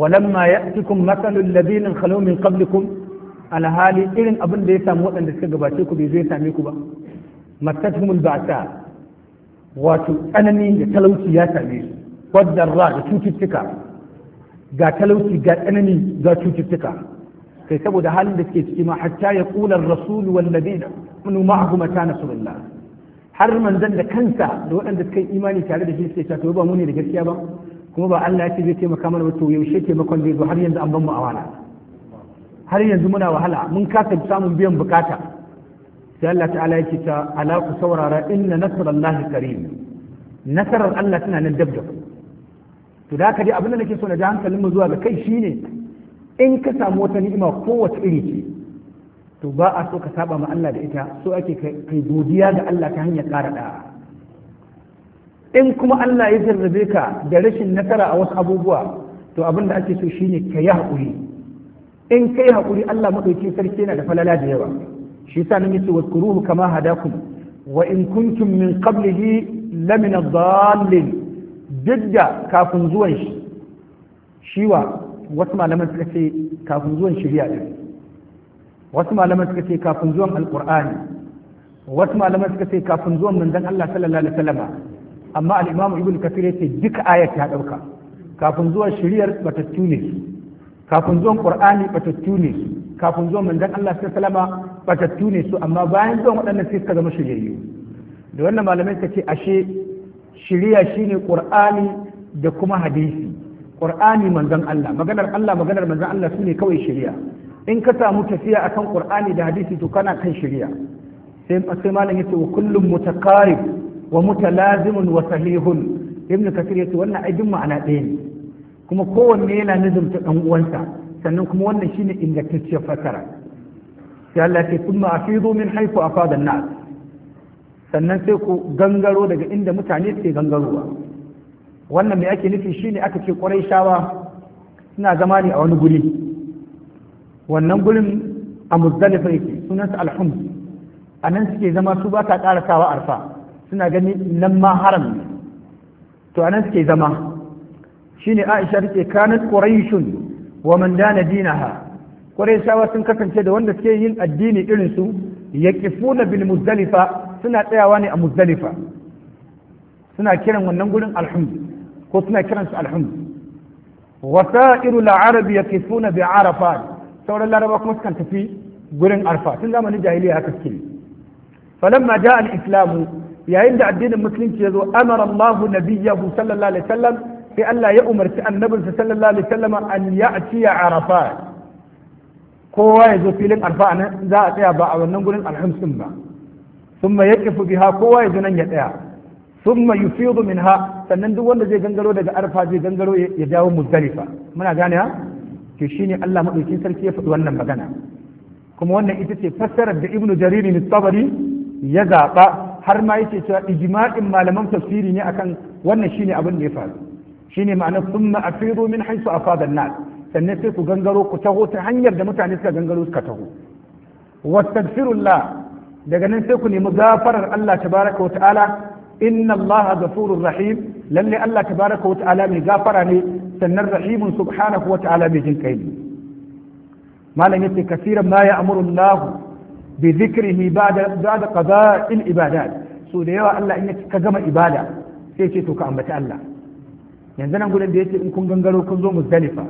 walamma ya'tikum mathalul ladina khalu min qablikum alhali irin abin da ya samu waɗanda suka gabace ku bai zai same ku ba mattahumul ba'sa wato tsanani da talauci ya same su wadda ra da cututtuka ga talauci ga tsanani ga cututtuka kai saboda halin da suke ciki ma hatta ya kula rasul wal ladina ma'ahu mata nasrullah har manzon da kansa da waɗanda suka yi imani tare da shi suke cewa to ba mu ne da gaskiya ba kuma ba Allah ya ce zai taimaka mana ba to yaushe taimakon zai zo har yanzu an ban mu a wala har yanzu muna wahala mun kasa samun biyan bukata sai Allah ta'ala ya ce ta ala ku saurara inna nasrallahi karim nasarar Allah tana nan dab dab to da haka dai abin da nake so na ji hankalin mu zuwa ga kai shine in ka samu wata ni'ima kowace iri ce to ba a so ka saba ma Allah da ita so ake kai godiya ga Allah ta hanyar ƙara da'a in kuma Allah ya jarrabe ka da rashin nasara a wasu abubuwa to abin da ake so shine ka yi haƙuri in kai haƙuri Allah madauki sarki yana da falala da yawa shi yasa nan yace wadkuruhu kama hadakum wa in kuntum min qablihi lamina dhallin duk da kafin zuwan shi wasu malaman suka ce kafin zuwan shirya din wasu malaman suka ce kafin zuwan alqur'ani wasu malaman suka ce kafin zuwan manzon Allah sallallahu alaihi wasallam amma al-imamu ibnu kathir yace duka ayat ya dauka kafin zuwan shari'ar batattu ne kafin zuwan qur'ani batattu ne kafin zuwan manzon Allah sallallahu alaihi wasallam batattu ne su amma bayan zuwan waɗannan sai suka zama shiryayyu da wannan malamai suka ce ashe shiriya shine qur'ani da kuma hadisi qur'ani manzon Allah maganar Allah maganar manzon Allah sune kawai shiriya in ka samu tafiya akan qur'ani da hadisi to kana kan shirya sai sai malam yace wa kullum mutakarib wa mutalazimun wa sahihun ibn kasir yace wannan ai ma'ana ɗaya ne kuma kowanne yana nizumta dan uwansa sannan kuma wannan shine ingantacciyar fasara sai Allah ya kuma afidu min haifu afada nas sannan sai ku gangaro daga inda mutane suke gangarowa wannan mai ake nufi shine aka ce ƙwarai shawa suna zama ne a wani guri wannan gurin a muzdalifa yake sunansa alhum a nan suke zama su ba ta ƙarasawa arfa suna gani nan ma haram ne to a nan suke zama shi ne aisha take kanat quraishun wa man dana dinaha quraishawa sun kasance da wanda suke yin addini irin su yaqifuna bil muzdalifa suna tsayawa ne a muzdalifa suna kiran wannan gurin alhum ko suna kiran su alhamd wasairu al arab yaqifuna bi arafat sauran laraba kuma sukan tafi gurin arfa tun zamanin jahiliya haka suke falamma ja al-islamu yayin da addinin musulunci ya zo amara Allah nabiyahu sallallahu alaihi wasallam sai Allah ya umarci annabinsa sallallahu alaihi wasallam an ya'ti arafa kowa ya zo filin arfa nan za a tsaya ba a wannan gurin alhamsin ba thumma yaqifu biha kowa ya zo nan ya tsaya thumma yufidu minha sannan duk wanda zai gangaro daga arfa zai gangaro ya dawo muzdalifa muna gane ha to Allah madaukakin sarki ya faɗi wannan magana kuma wannan ita ce fassarar da ibnu jariri ibn ya zaɓa har ma yake cewa ijma'in malaman tafsiri ne akan wannan shine abin da ya faru shine ma'ana summa afiru min haythu afada an-nas sannan sai ku gangaro ku taho ta hanyar da mutane suka gangaro suka taho wastaghfirullah daga nan sai ku nemi gafarar Allah tabaraka wa ta'ala inna Allah ghafurur rahim lalle Allah tabaraka wa ta'ala mai gafara ne sannan rahimun subhanahu wa ta'ala mai jin kai ne malam yace kasiran ma ya'muru Allah bi dhikrihi ba'da ba'da qada'il ibadat so da yawa Allah in yace ka gama ibada sai ce to ka ambaci Allah yanzu nan gudan da yace in kun gangaro kun zo muzdalifa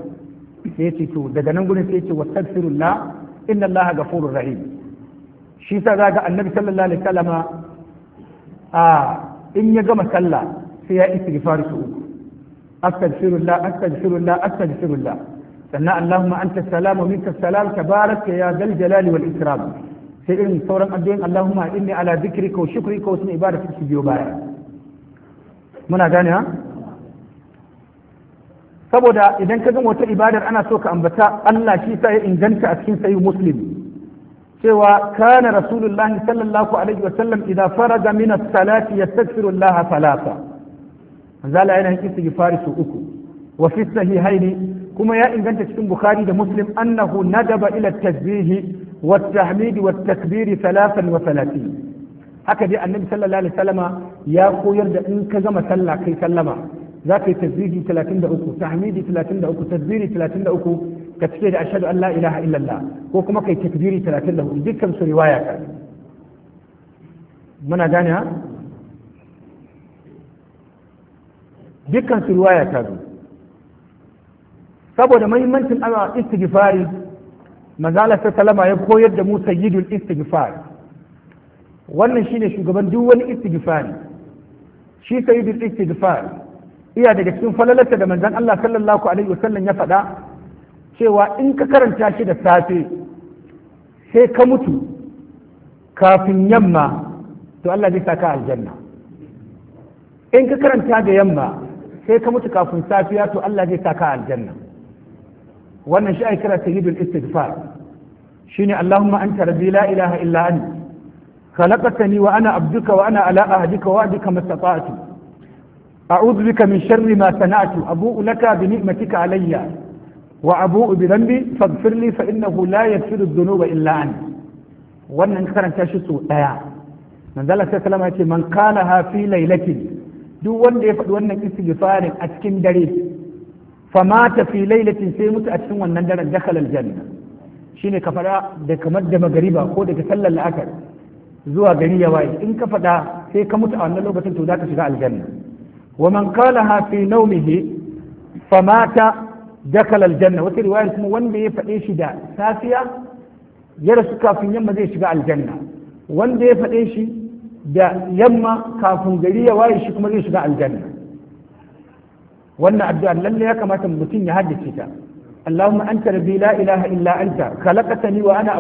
sai yace to daga nan gudan sai yace wastaghfirullah inna Allah ghafurur rahim shi sa zaga annabi sallallahu alaihi wasallama a in ya gama sallah sai ya istighfar su uku astaghfirullah astaghfirullah astaghfirullah sannan allahumma anta salamu minka salam tabaraka ya zal jalali wal ikram sai irin sauran addu'o'in allahumma inni ala dhikrika wa shukrika wa sunni ibadati su biyo baya muna gane ha saboda idan ka gan wata ibadar ana so ka ambata Allah shi sa ya inganta a cikin sayi muslim cewa kana rasulullahi sallallahu alaihi wasallam idan faraga min as manzala yana yin istighfari su uku wa fi sahihaini kuma ya inganta cikin bukhari da muslim annahu nadaba ila tasbihi wa tahmidi wa takbiri 33 haka dai annabi sallallahu alaihi wasallama ya koyar da in ka gama sallah kai sallama za ka yi tasbihi 33 tahmidi 33 tasbiri 33 ka cike da ashhadu an la ilaha illallah ko kuma kai takbiri 34 dukkan su riwaya ka muna gane dukkan su ruwaya ta zo saboda mahimmancin ana istighfari manzala ta salama ya koyar da mu sayyidul istighfar wannan shine shugaban duk wani istighfari shi sayyidul istighfar iya daga cikin falalarsa da manzan Allah sallallahu alaihi wasallam ya faɗa cewa in ka karanta shi da safe sai ka mutu kafin yamma to Allah zai saka aljanna in ka karanta da yamma sai ka mutu kafin safiya to Allah zai saka aljanna wannan shi ake kira sayyidul istighfar shine allahumma anta rabbi la ilaha illa anta khalaqtani wa ana abduka wa ana ala ahdika wa ahdika mastata'tu a'udhu bika min sharri ma sana'tu abu'u laka bi ni'matika alayya wa abu'u bi dhanbi faghfir li fa innahu la yaghfiru dhunuba illa anta wannan karanta shi su ɗaya. manzala sallallahu alaihi wasallam yace man kana fi laylatin duk wanda ya faɗi wannan istighfarin a cikin dare fa mata fi lailatin sai mutu a cikin wannan daren dakhala aljanna shine ka faɗa da kamar da magariba ko daga sallar la'akar zuwa gari ya waye in ka faɗa sai ka mutu a wannan lokacin to zaka shiga aljanna wa man qalaha fi nawmihi fa mata dakhala aljanna wata riwaya kuma wanda ya faɗe shi da safiya ya rasu kafin yamma zai shiga aljanna wanda ya faɗe shi da yamma kafin gari ya waye shi kuma zai shiga aljanna wannan addu'ar lalle ya kamata mutum ya haddace ta Allahumma anta rabbi la ilaha illa anta khalaqtani wa ana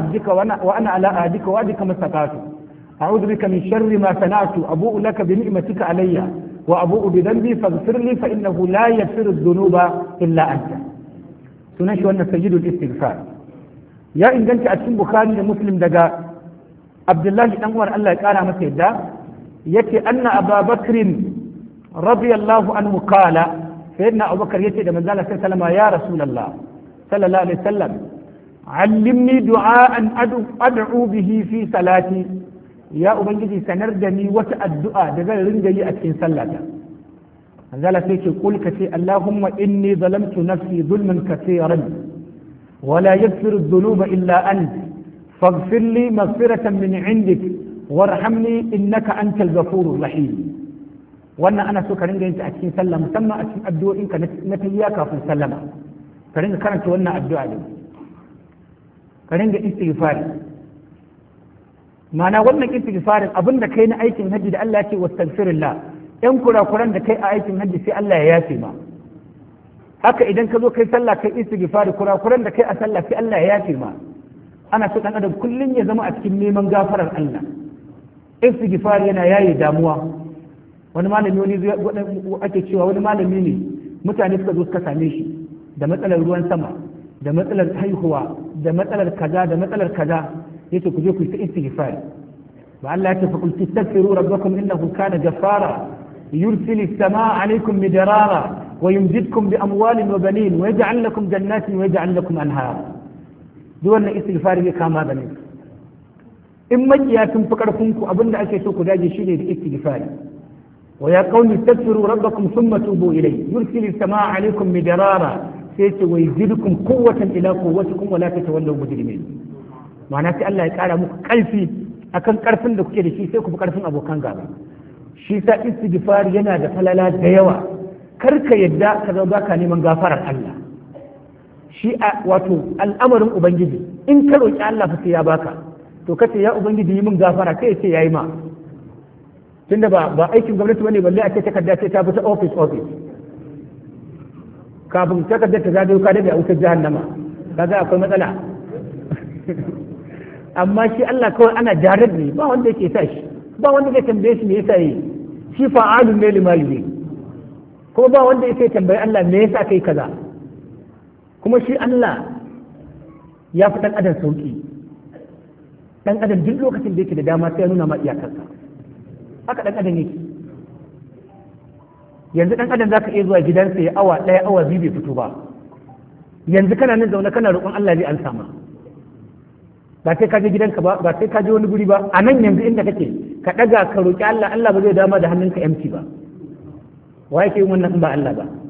wa ana ala ahdika wa bika min sharri ma sana'tu abu'u laka bi ni'matika alayya wa abu'u bi dhanbi faghfir li fa innahu la yaghfiru dhunuba illa anta sunan shi wannan sajidul istighfar ya inganta a cikin bukhari da muslim daga abdullahi dan uwar Allah ya kara masa yadda yace anna ababakr radiyallahu anhu qala sayyidina abubakar yace da manzo Allah sallallahu alaihi ya rasulullah sallallahu alaihi wasallam allimni du'a'an ad'u bihi fi salati ya ubangiji sanar da ni wata addu'a da zan ringa yi a cikin sallata manzo Allah sai ce kul ka ce allahumma inni zalamtu nafsi zulman kaseeran ولا يغفر الذنوب illa أنت فاغفر لي مغفرة من عندك وارحمني إنك أنت الغفور الرحيم wannan ana so ka ringa yin ta a cikin sallah musamman a cikin addu'o'in ka na tayya kafin sallama ka ringa karanta wannan addu'a din ka ringa istighfar ma'ana wannan istighfarin abin da kai na aikin hajji da Allah ya ce wastaghfirullah yan kurakuran da kai a aikin hajji sai Allah ya yafe ma haka idan ka zo kai sallah kai istighfar kurakuran da kai a sallah sai Allah ya yafe ma ana so dan adam kullum ya zama a cikin neman gafarar Allah istighfar yana yaye damuwa wani malami wani ake cewa wani malami ne mutane suka zo suka same shi da matsalar ruwan sama da matsalar haihuwa da matsalar kaza da matsalar kaza yace ku je ku yi istighfar ba Allah ya ce faqul tastaghfiru rabbakum innahu kana ghaffara yursilu as-samaa'a 'alaykum midrara ويمددكم بأموال وبنين ويجعل لكم جنات ويجعل لكم أنهار duk wannan istighfar zai kama da nan in makiya sun fi karfin ku abinda ake so ku dage shine da istighfar wa ya qaumi tastaghfiru rabbakum thumma tubu ilayhi yursilu samaa alaykum midrara sai ce wa yazidukum quwwatan ila quwwatikum wa la tatawallu mujrimin ma'ana sai Allah ya kara muku karfi akan karfin da kuke da shi sai ku fi karfin abokan gaba shi sa istighfar yana da falala da yawa kar ka yadda ka zama baka neman gafarar Allah shi a wato al'amarin ubangiji in ka roƙi Allah fa sai ya baka to kace ya ubangiji yi min gafara kai ce yayi ma tunda ba ba aikin gwamnati bane balle a ce takarda ce ta fita office office kafin takarda ta zagayo ka a wutar jahannama kaga akwai matsala amma shi Allah kawai ana jarar ne ba wanda yake sa shi ba wanda yake tambaye shi me yasa yi shi fa'alun ne limali ne kuma ba wanda yake tambaye Allah me yasa kai kaza kuma shi Allah ya fi ɗan adam sauƙi ɗan adam duk lokacin da yake da dama sai ya nuna ma iyakarsa haka ɗan adam yake yanzu ɗan adam zaka iya zuwa gidansa ya awa ɗaya awa biyu bai fito ba yanzu kana nan zaune kana roƙon Allah zai an sama ba sai ka je gidanka ba ba sai ka je wani guri ba a nan yanzu inda kake ka ɗaga ka roƙi Allah Allah ba zai dama da hannunka yamci ba wa ke yi wannan in ba Allah ba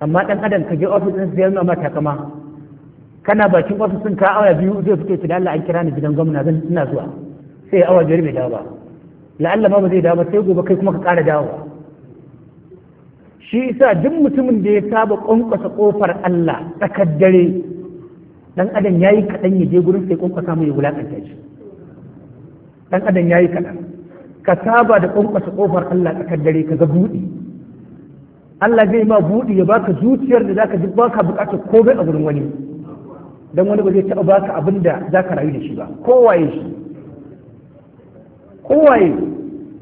amma dan adam ka je ofis din sai nuna mata kama kana bakin ofis ka awa biyu zai fito ki da Allah an kira ni gidan gwamna zan ina zuwa sai awa biyar mai dawo ba la'alla ma ba zai dawo ba sai gobe kai kuma ka ƙara dawo shi isa duk mutumin da ya saba ƙwanƙwasa ƙofar Allah tsakar dare dan adam yayi kaɗan ya je gurin sai ƙwanƙwasa mai wulaƙanta shi dan adam yayi kaɗan ka saba da ƙwanƙwasa ƙofar Allah tsakar dare ka ga buɗe Allah zai ma buɗi ya baka zuciyar da zaka ji baka bukatar komai a gurin wani dan wani ba zai taɓa baka abin da zaka rayu da shi ba kowaye shi kowaye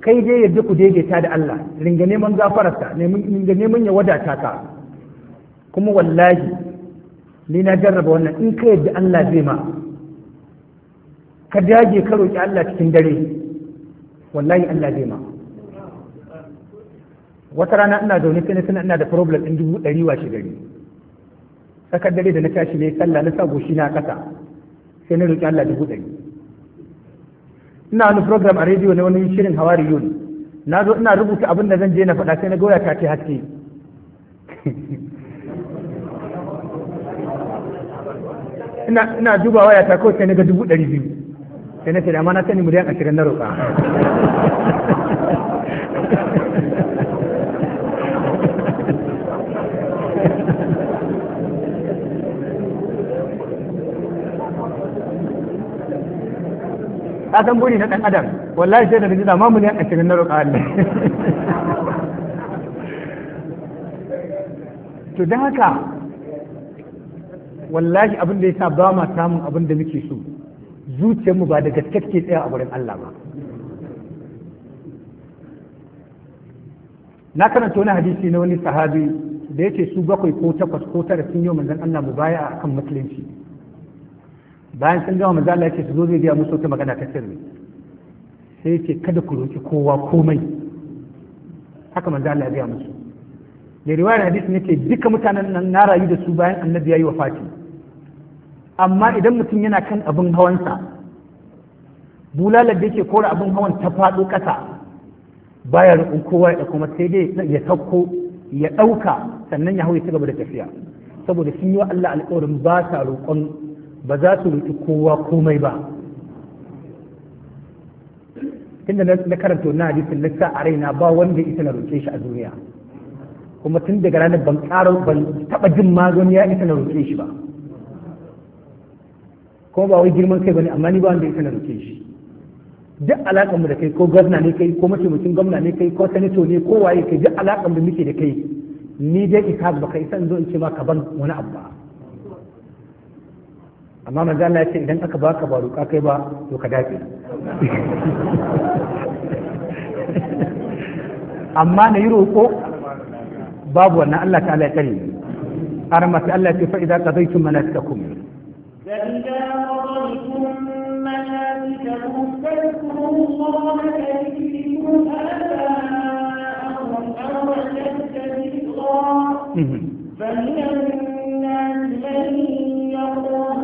kai dai yadda ku daidaita da Allah ringa neman gafararsa ringa neman ya wadata ka kuma wallahi ni na jarraba wannan in ka yadda Allah zai ma ka dage ka roki Allah cikin dare wallahi Allah zai ma wata rana ina zaune sai na ina da problem ɗin dubu ɗari washe gari tsakar dare da na tashi ne sallah na sa goshi na ƙasa sai na roƙi Allah dubu ɗari ina wani program a rediyo na wani shirin hawari yau na zo ina rubuta abin da zan je na faɗa sai na goya ta haske ina ina duba waya ta kawai sai na ga dubu ɗari biyu sai na ce da amma na sani miliyan ashirin na roƙa ka san buri na dan adam wallahi sai da da a na roƙa Allah to dan haka wallahi abin da yasa ba ma samun abin da muke so zuciyarmu ba da gaske ke tsaya a gurin Allah ba na karanta wani hadisi na wani sahabi da yake su bakwai ko takwas ko tara sun yi manzon Allah mu baya kan musulunci bayan sun gama maza Allah ya ce su zo zai biya musu ta magana ta sirri sai ce kada ku roki kowa komai haka maza Allah ya biya musu da riwayar hadisi ne ke duka mutanen nan na rayu da su bayan annabi ya yi fati amma idan mutum yana kan abin hawansa bulalar da yake kora abin hawan ta faɗo ƙasa baya rukun kowa ya kuma sai dai ya sauko ya ɗauka sannan ya hau ya ci gaba da tafiya saboda sun yi wa Allah alƙawarin ba sa roƙon ba za su roƙi kowa komai ba inda na karanta na hadisin na sa a raina ba wanda isa na roƙe shi a duniya kuma tun daga ranar ban ƙara ban taɓa jin magani ya isa na roƙe shi ba kuma ba wai girman kai bane amma ni ba wanda isa na roƙe shi duk alaƙar mu da kai ko gwamna ne kai ko mataimakin gwamna ne kai ko sanato ne ko waye kai duk alaƙar mu muke da kai ni dai isa ba kai san zo in ce ma ka ban wani abu ba amma manzo Allah ya ce idan aka baka ba roƙa kai ba to ka dace amma na yi roƙo babu wannan Allah ta Allah ya kare har masu Allah ya ce fa idan qadaytum manasikakum فمن الناس من يقول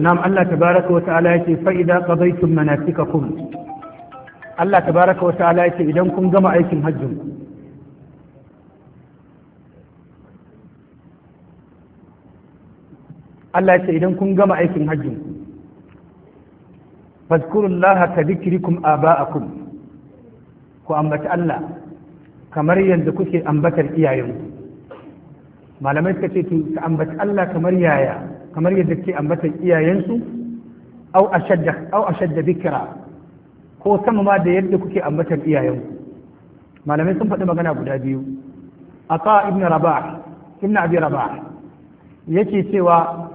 nam Allah tabaraka wa ta'ala yake fa idza qadaytum manasikakum Allah tabaraka wa ta'ala yake idan kun gama aikin hajjin Allah yake idan kun gama aikin hajjin fadkurullaha ka dhikrikum aba'akum ku ambata Allah kamar yanzu kuke ambatar iyayenku malamai suka ku Allah kamar yaya kamar yadda ke ambatan iyayensu au ashadda au ashadda bikra ko sama ma da yadda kuke ambatan iyayenku malamai sun faɗi magana guda biyu aqa ibn rabah ibn abi rabah yake cewa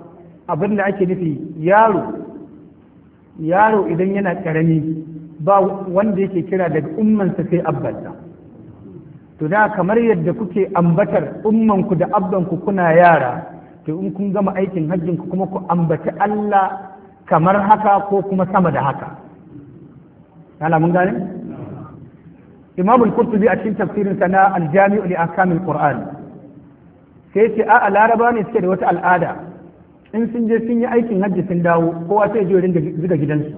abin da ake nufi yaro yaro idan yana karami ba wanda yake kira daga ummansa sai abbansa to da kamar yadda kuke ambatar ummanku da abbanku kuna yara to in kun gama aikin hajjin ku kuma ku ambaci Allah kamar haka ko kuma sama da haka ana mun gane Imam al-Qurtubi a cikin tafsirin sa na al-Jami' li ahkam al-Qur'an sai ce a Laraba ne suke da wata al'ada in sun je sun yi aikin hajji sun dawo kowa sai je wurin gidansu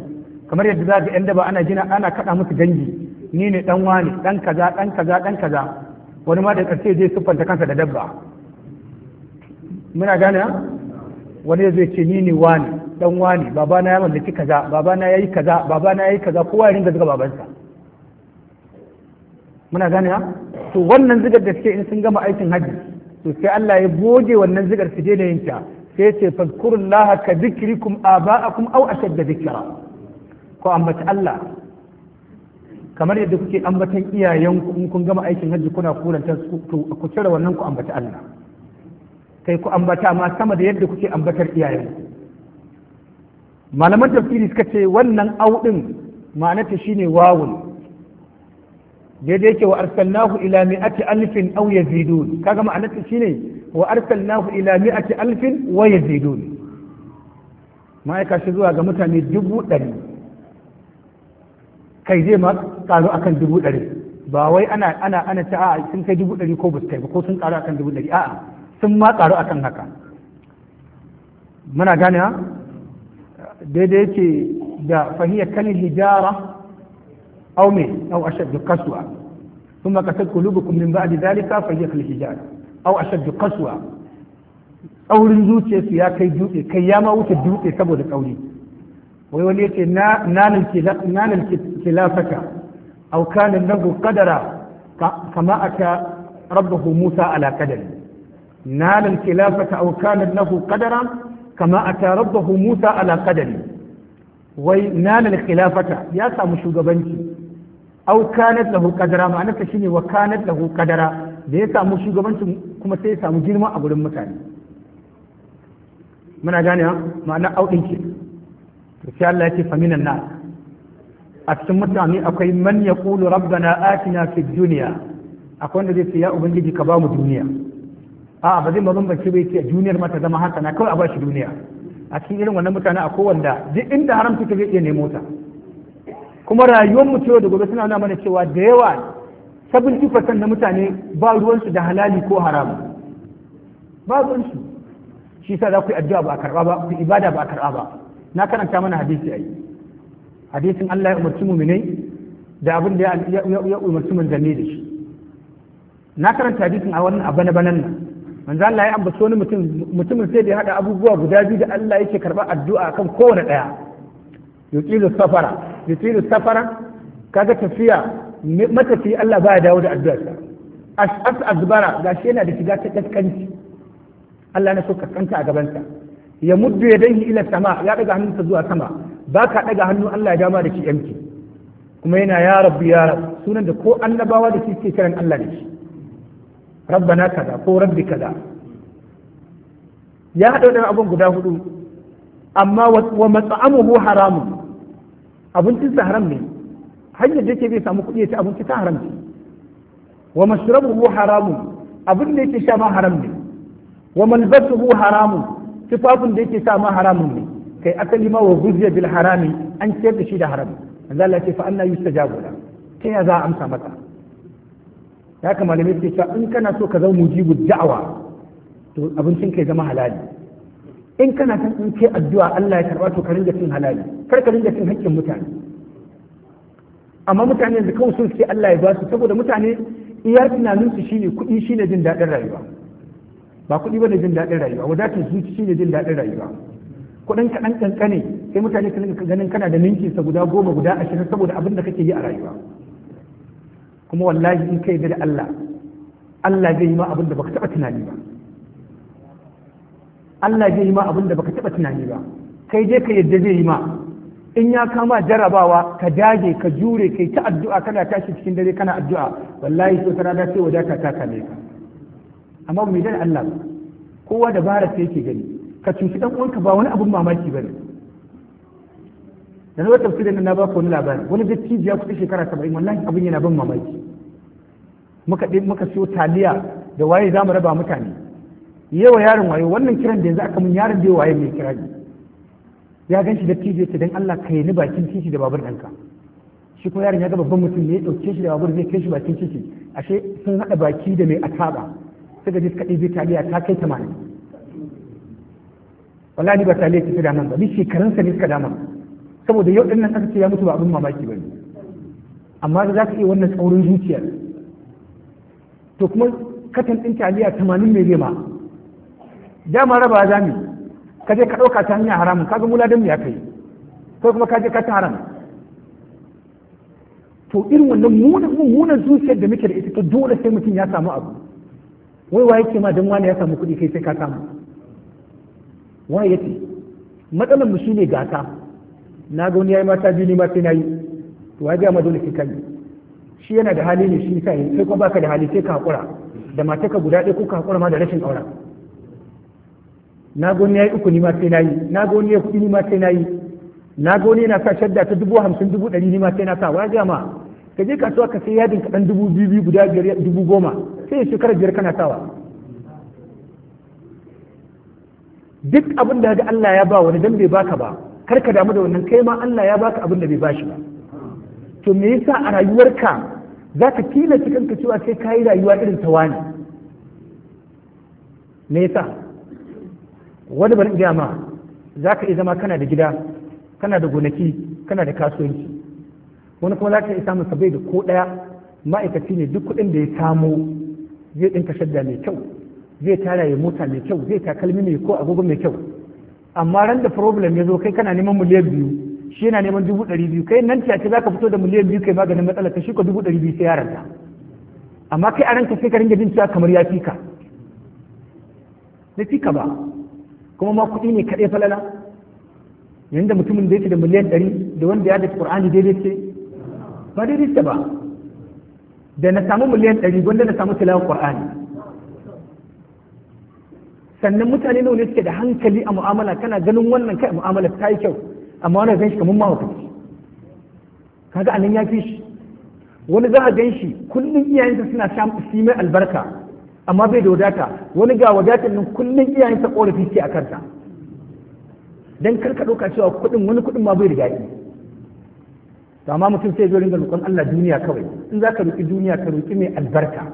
kamar yadda za ga yan ba ana jina ana kada musu dangi ni ne dan wani dan kaza dan kaza dan kaza wani ma da karshe zai siffanta kansa da dabba muna gane wani zai ce ni ne wani dan wani babana ya mallaki kaza babana ya yi kaza babana ya yi kaza kowa ya ringa zuga babansa muna gane to wannan zigar da suke in sun gama aikin hajji to sai Allah ya goge wannan zigar su daina yin ta sai ce fadkurullaha ka zikrikum aba'akum aw ashadda zikra ko ambaci Allah kamar yadda kuke ambatan iyayenku in kun gama aikin hajji kuna kuranta su to ku cire wannan ku ambaci Allah kai ku ambata ma sama da yadda kuke ambatar iyayen malaman tafsiri suka ce wannan auɗin ma'anata shine wawun daidai yake wa arsalnahu ila mi'ati alfin aw yazidun kaga ma'anarsa shine wa arsalnahu ila mi'ati alfin wa yazidun ma'aika shi zuwa ga mutane dubu ɗari kai zai ma karu akan dubu ɗari ba wai ana ana ana ta a'a sun kai dubu ɗari ko ba kai ba ko sun karu akan dubu ɗari a'a sun ma a kan haka muna gane daidai yake da fahiyya kan hijara au me au ashaddu kaswa kuma kasat qulubukum min ba'di dalika fahiyya kal hijara au ashad kaswa tsaurin zuciyarsu ya kai dutse kai ya ma wuce dutse saboda tsauri. wai wani yace na nanan kilafaka au kana lahu kadara kama aka rabbahu musa ala kadari نال الخلافة أو كانت له قدرا كما أتى ربه موسى على قدره ونال الخلافة يا سامو شوغبانشي أو كانت له قدرا معنى شيني وكانت له قدرا da ya samu shugabancin kuma sai samu girma a wurin mutane muna gane ma'ana auɗin ke to Allah ya ce faminan na a cikin mutane akwai man ya kulu rabbana atina fid duniya akwai wanda zai saya ubangiji ka bamu duniya a ba zai mazan bace bai ce duniyar mata zama na kawai a bashi duniya a cikin irin wannan mutane a kowanda duk inda haram suka zai iya nemo ta kuma rayuwar mu da gobe suna nuna mana cewa da yawa 70% na mutane ba ruwansu da halali ko haram ba ruwansu shi sa za ku yi addu'a ba a karɓa ba ku ibada ba a karɓa ba na karanta mana hadisi yi hadisin Allah ya umarci ne da abin da ya umarci manzanni da shi na karanta hadisin a wannan abana banan nan manzo Allah ya ambaci wani mutum mutumin sai da ya hada abubuwa guda biyu da Allah yake karba addu'a kan kowane daya yuqilu safara yuqilu safara kaga tafiya matafi Allah baya dawo da addu'a as as azbara gashi yana da shiga ta kaskanci Allah na so kaskanta a gaban sa, ya muddu ya dangi ila sama ya daga sa zuwa sama ba ka daga hannu Allah ya dama da shi yanki kuma yana ya rabbi ya sunan da ko annabawa da shi ke kiran Allah da shi rabbana kaza ko rabbi kaza ya haɗa da abin guda hudu amma wa matsa'amuhu haramun abincin sa haram ne hanyar da yake zai samu kuɗi ya ci abinci ta haram ne wa mashrabuhu haramun abin da yake sha ma haram ne wa malbasuhu haramun tufafin da yake sa ma haramun ne kai asali ma wa bil harami an ciyar da shi da haram manzo Allah ce fa ta za a amsa masa ya kama malamai suke cewa in kana so ka zama mujibu da'awa to abincin kai zama halali in kana son in kai addu'a Allah ya karba to ka ringa cin halali kar ka ringa cin haƙƙin mutane amma mutane da kawai sun suke Allah ya ba su saboda mutane iyar tunanin su shine kuɗi shine jin daɗin rayuwa ba kuɗi ba da jin daɗin rayuwa wadatar zuci shine jin daɗin rayuwa kuɗin kaɗan kankane sai mutane su ganin kana da ninkinsa guda goma guda ashirin saboda abin da kake yi a rayuwa kuma wallahi in kai da Allah Allah zai yi ma abin da baka taba tunani ba Allah zai yi ma abin da baka taba tunani ba kai je ka yadda zai yi ma in ya kama jarabawa ka dage ka jure kai ta addu'a kana tashi cikin dare kana addu'a wallahi so tana sai wadata ta kame ka amma mu dan Allah kowa dabara sai yake gani ka cuci dan uwanka ba wani abun mamaki bane da na da na ba ku wani labari wani dattijiya kusa shekara saba'in wallahi abin yana ban mamaki muka ɗin muka siyo taliya da waye za mu raba mutane yawa yaron waye wannan kiran da yanzu aka mun yaron da waye mai kira ya gan shi dattijiya ta dan Allah ka ni bakin titi da babur ɗanka shi ko yaron ya ga babban mutum ne ya ɗauke shi da babur zai kai shi bakin titi ashe sun haɗa baki da mai ataba suka je suka ɗibi taliya ta kai tamanin wallahi ba taliya ta fi damar ba ni shekarunsa ne suka dama saboda yau ɗin nan aka ce ya mutu ba abin mamaki ba ne amma za ka iya wannan tsaurin zuciyar to kuma katan ɗin taliya tamanin mai rema dama raba za mu ka je ka ɗauka ta hanyar haramun ka ga muladan ya kai ko kuma ka je ka ta haram to irin wannan munan zuciyar da muke da ita to dole sai mutum ya samu abu wai wa yake ma dan wani ya samu kuɗi kai sai ka samu wai yace matsalar mu shine gata na ga ya yi mata biyu ma sai nayi to ai ga ma dole kai shi yana da hali ne shi sai ko baka da hali sai ka hakura da ka guda ɗaya ko ka hakura ma da rashin aura na ga ya yi uku ni ma sai nayi na ga wani kuɗi ni ma sai nayi na ga wani yana sa shadda ta dubu hamsin dubu ɗari ni ma sai na sa wa ga ma ka je kasuwa ka sai yadin kaɗan dubu biyu biyu guda biyar dubu goma sai shekara biyar kana sawa duk abin da Allah ya ba wani dan bai baka ba kar ka damu da wannan kai ma Allah ya baka abin da bai bashi ba to me yasa a rayuwarka za ka tilasta kanka cewa sai ka yi rayuwa irin ta wani me yasa wani bari gaya ma za ka iya zama kana da gida kana da gonaki kana da kasuwanci wani kuma za ka iya samun sabai da ko ɗaya ma'aikaci ne duk kuɗin da ya samo zai ɗinka shadda mai kyau zai tara ya mota mai kyau zai takalmi mai ko agogo mai kyau amma ran da problem ya zo kai kana neman miliyan biyu shi yana neman dubu ɗari biyu kai nan ce za ka fito da miliyan biyu kai maganin matsalar ka shi ko dubu ɗari biyu sai yaran ta amma kai a ranka sai ka ringa jin cewa kamar ya fika na fika ba kuma ma kuɗi ne kaɗai falala yanda mutumin da yake da miliyan ɗari da wanda ya da ƙur'ani daidai ce ba daidai ce ba da na samu miliyan ɗari gwanda na samu tilawar ƙur'ani sannan mutane nawa ne suke da hankali a mu'amala kana ganin wannan kai mu'amala ta yi kyau amma wani gan shi kamar mahaukaci kaga anan ya fi shi wani za a gan shi kullum iyayensa suna samun mai albarka amma bai da wadata wani ga wadatar nan kullum iyayensa korafi ce a karta dan ka ɗauka cewa kuɗin wani kuɗin ma bai da daɗi to amma mutum sai zo ringa roƙon Allah duniya kawai in zaka roƙi duniya ka roƙi mai albarka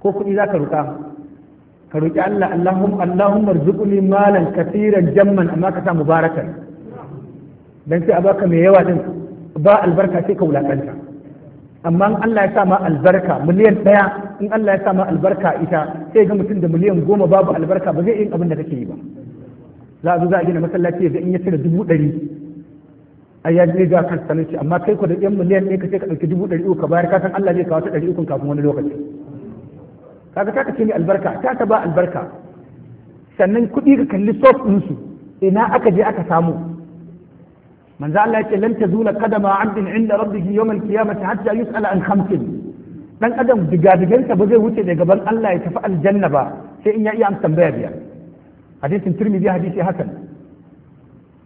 ko kuɗi zaka roƙa ka roƙi Allah Allahum Allahumma rzuqni malan katiran jamman amma ka sa mubarakan dan sai a baka mai yawa din ba albarka sai ka wulakanta amma in Allah ya sa ma albarka miliyan ɗaya in Allah ya sa ma albarka ita sai ga mutum da miliyan goma babu albarka ba zai yin abin da kake yi ba za a zo za a gina masallaci da in ya dubu ɗari a ya je ga kan sanin amma kai ku da yan miliyan ne ka ce ka ɗauki dubu ɗari uku ka bayar ka san Allah zai kawo ta ɗari uku kafin wani lokaci kaga ta ce mai albarka ta ta ba albarka sannan kuɗi ka kalli sof su ina aka je aka samu manzo Allah yake lan tazula qadama 'abdin 'inda rabbihi yawm al-qiyamati hatta yus'ala an khamsin dan adam digadigansa ba zai wuce daga gaban Allah ya tafi aljanna ba sai in ya iya amsa tambaya biyar hadisin tirmidhi hadisi hasan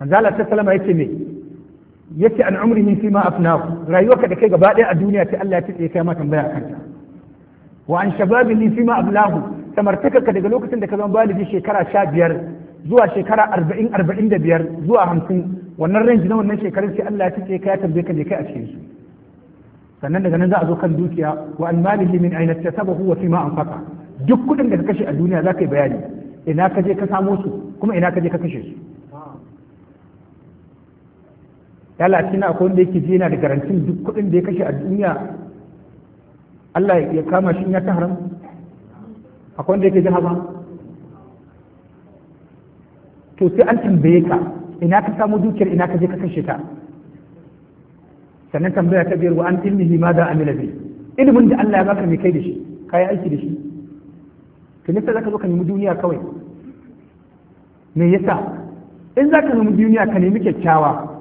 manzo Allah ta sallama yake me yace an umrihi fi ma afnahu rayuwarka da kai gaba ɗaya a duniya sai Allah ya tsaye kai ma tambaya kanta wa an shababi li fima ablahu samartakarka daga lokacin da ka zama baligi shekara sha biyar zuwa shekara arba'in arba'in da biyar zuwa hamsin wannan ranji na wannan shekarun sai Allah ya tace ka ya tambaye ka je kai a cikin su sannan daga nan za a zo kan dukiya wa an malihi min aina tasabahu wa fima anfaqa duk kudin da ka kashe a duniya za ka bayani ina ka je ka samo su kuma ina ka je ka kashe su ya lati na akwai wanda yake je yana da garantin duk kudin da ya kashe a duniya Allah ya kama shi ya ta haram akwai wanda yake jihar ba to sai an tambaye ka ina ka samu dukiyar ina ka je ka kashe ta sannan tambaya ta biyar wa an ilmihi ma da amila bi ilimin da Allah ya baka mai kai da shi kai aiki da shi to ne zaka zo ka nemi duniya kawai me yasa in zaka nemi duniya ka nemi kyakkyawa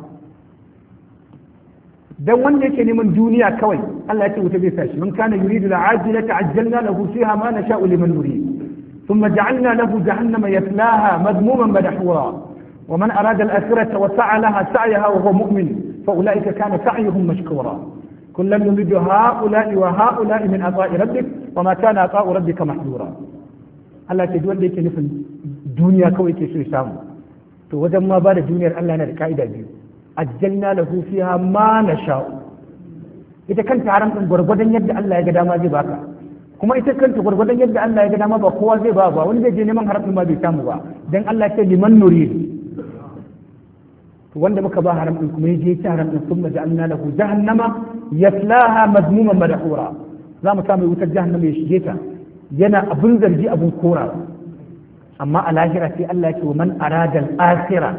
dan wanda yake neman duniya kawai Allah ya ce wuta zai tashi man kana yuridu la ajila ta'ajjalna lahu fiha ma ثم جعلنا له جهنم يصلاها مذموما مدحورا ومن اراد الاخره وسعى لها سعيها وهو مؤمن فاولئك كان سعيهم مشكورا كلا نريد هؤلاء وهؤلاء من عطاء ربك وما كان عطاء ربك محذورا الله تجول ليك نفل دنيا كويتي شو يسامو تو وجم ما بعد دنيا الله نرى قاعده بيو ajjalna lahu fiha ma nasha'u ita kanta haram din gwargwadon yadda Allah ya ga dama zai baka kuma ita kanta gwargwadon yadda Allah ya ga dama ba kowa zai ba ba wani zai je neman haram din ma bai samu ba dan Allah ya ce liman nuri wanda muka ba haram din kuma ya je ta haram din kuma ja'alna lahu jahannama ya yaslaha madmuman madhura za mu samu wutar jahannama ya shige ta yana abun zargi abin kora amma a lahira sai Allah ya ce man aradal asira.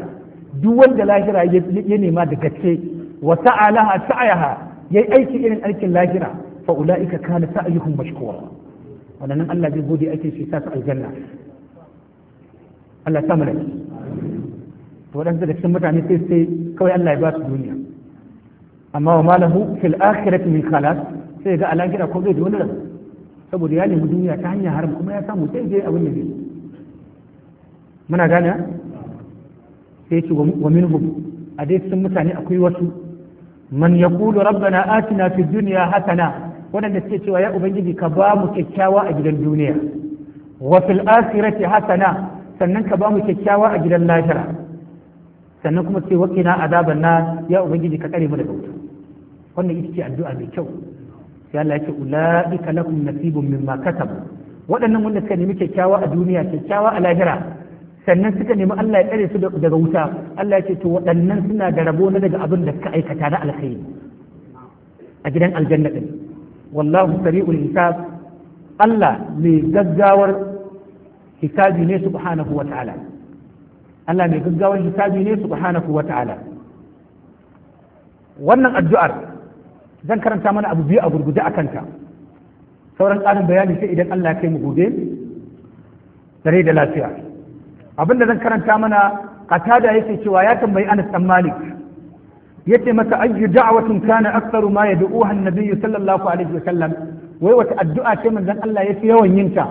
duk wanda lahira ya nema da gaske wa sa'alaha sa'ayaha yayi aiki irin aikin lahira fa ulaika kana sa'ayuhum mashkura wannan Allah zai gode ake shi sa su aljanna Allah ta mana to dan da cikin mutane sai sai kawai Allah ya ba su duniya amma wa malahu fil akhirati min khalas sai ga alakira ko zai da wani saboda ya nemi duniya ta hanyar haram kuma ya samu sai je abin da zai muna gane sai ce wa minhum a dai sun mutane akwai wasu man ya yaqulu rabbana atina fid dunya hasana wadanda suke cewa ya ubangiji ka ba mu kyakkyawa a gidan duniya wa fil akhirati hasana sannan ka ba mu kyakkyawa a gidan lahira sannan kuma sai waqina azaban nar ya ubangiji ka kare mu daga wuta wannan ita ce addu'a mai kyau sai Allah ya ce ulaika lakum nasibun mimma katabu waɗannan wanda suka nemi kyakkyawa a duniya kyakkyawa a lahira sannan suka nemi Allah ya tsare su daga wuta Allah ya ce to waɗannan suna da rabo na daga abin da suka aikata na alkhairi a gidan aljanna din wallahu sari'ul hisab Allah mai gaggawar hisabi ne subhanahu wa ta'ala Allah mai gaggawar hisabi ne subhanahu wa ta'ala wannan addu'ar zan karanta mana abu biyu a gurguje akan ta sauran ƙarin bayani sai idan Allah ya kai mu gobe dare da lafiya Abin da zan karanta mana qatada yake cewa ya tambayi Anas dan Malik yace masa ayyu watan kana aktsaru ma yad'uha an-nabiy sallallahu alaihi wasallam wai wata addu'a ce manzon Allah yafi yawan yin ta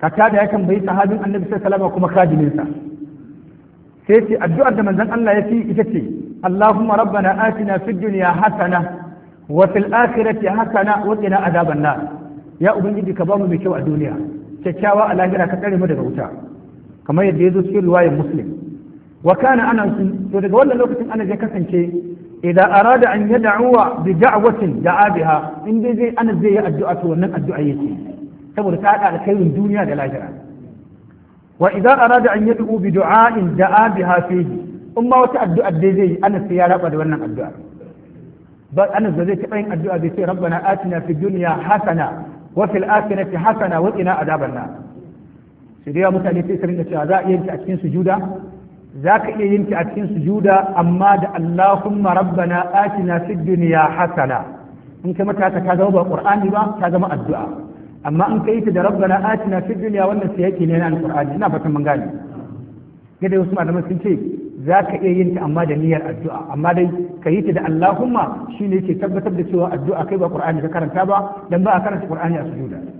qatada ya tambayi sahabin annabi sallallahu alaihi wasallam kuma kadimin sa sai ce addu'ar da manzon Allah yafi ita ce Allahumma rabbana atina fid dunya hasana wa fil akhirati hasana wa qina adhaban nar ya ubangiji ka bamu mai kyau a duniya kyakkyawa a lahira ka tsare mu daga wuta kamar yadda ya zo cikin riwayar muslim wa kana to daga wannan lokacin ana ya kasance idan arada an yad'uwa bi da'watin da'a biha in dai zai anas zai yi addu'a to wannan addu'a yake saboda ta da alkhairin duniya da lahira wa idan arada an yad'u bi du'a'in da'a biha fihi in ma wata addu'a dai zai anas sai ya raba da wannan addu'a ba anas zai taɓa yin addu'a bai sai rabbana atina fid dunya hasana wa fil akhirati hasana wa qina adhaban nar sai dai mutane sai su rinka cewa za a iya yin a cikin sujuda za ka iya yin a cikin sujuda amma da Allahumma rabbana atina fid dunya hasana in kai mata ka zama ba qur'ani ba ta zama addu'a amma in kai ta da rabbana atina fid dunya wannan sai yake ne na alqur'ani ina fatan mun gane kada wasu malaman sun ce za ka iya yin ta amma da niyyar addu'a amma dai ka yi ta da Allahumma shine yake tabbatar da cewa addu'a kai ba qur'ani ka karanta ba dan ba a karanta qur'ani a sujuda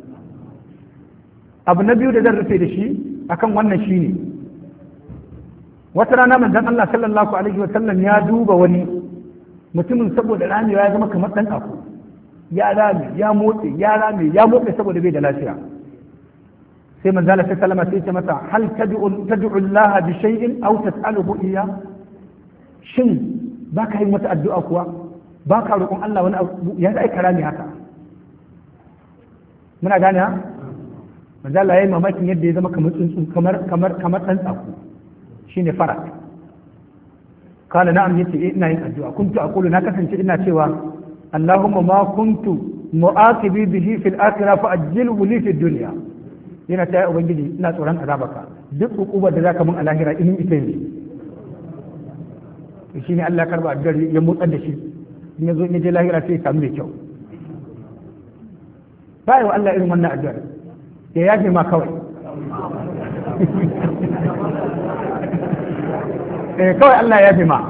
abu na biyu da zan rufe da shi akan wannan shine wata rana manzon Allah sallallahu alaihi wasallam ya duba wani mutumin saboda ramewa ya zama kamar dan aku ya rame ya motsi ya rame ya motsi saboda bai da lafiya sai manzon Allah sallallahu alaihi wasallam sai ya masa hal tad'u tad'u Allah bi shay'in aw tas'aluhu iya shin baka yin wata addu'a kuwa baka roƙon Allah wani abu yanzu ai karami haka muna gane ha manzo Allah yayi mamakin yadda ya zama kamar tsuntsu kamar kamar kamar dan tsako shine farak kana na'am yace eh ina yin addu'a kuntu aqulu na kasance ina cewa Allahumma ma kuntu mu'aqibi bihi fil akhirah fa ajilhu li fid dunya yana ta ubangiji ina tsoron azabaka duk ukubar da zaka mun a lahira in ita ne shine Allah karba addu'ar ya motsa da shi in yazo in je lahira sai ya samu da kyau bai wa Allah irin wannan addu'ar ya yafe ma kawai eh kawai Allah ya yafe ma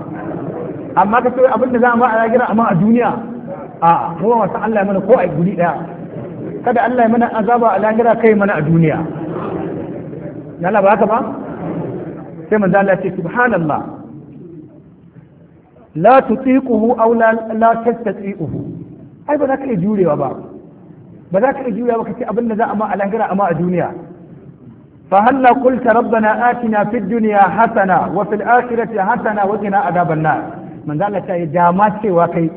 amma ka so abin da za mu a gira amma a duniya a kuma wasan Allah ya mana ko a guri daya kada Allah ya mana azaba a lahira kai mana a duniya yalla ba haka ba sai manzo Allah ce subhanallah la tutiquhu aw la tastati'uhu ai ba za ka iya jurewa ba ba za ka iya juya ba kace abin da za a ma a lahira ma a duniya fa halla qulta rabbana atina fid dunya hasana wa fil akhirati hasana wa qina adhaban nar manzo Allah ta yi dama cewa kai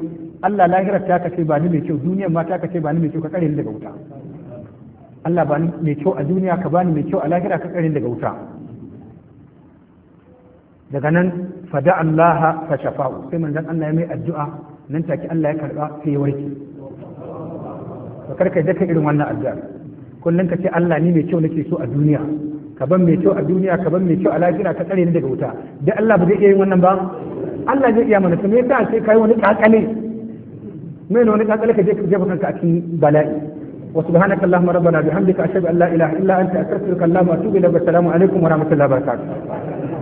Allah lahira ta ka ce ba ni mai kyau duniyar ma ta ka ce ba ni mai kyau ka kare ni daga wuta Allah ba ni mai kyau a duniya ka bani mai kyau a lahira ka kare ni daga wuta daga nan fada Allah fa shafa'u sai manzon Allah ya mai addu'a nan take Allah ya karba sai ya warke to karka je ka irin wannan addu'a kullum ka ce Allah ni mai kyau nake so a duniya ka ban mai kyau a duniya ka ban mai kyau a lafiya ka tsare ni daga wuta dan Allah ba zai iya yin wannan ba Allah zai iya mana to me yasa sai kai wani kakale mai wani kakale ka je ka jefa kanka a cikin bala'i wa subhanaka allahumma rabbana bihamdika ashhadu an la ilaha illa anta astaghfiruka wa atubu ilaik assalamu alaikum wa rahmatullahi wa barakatuh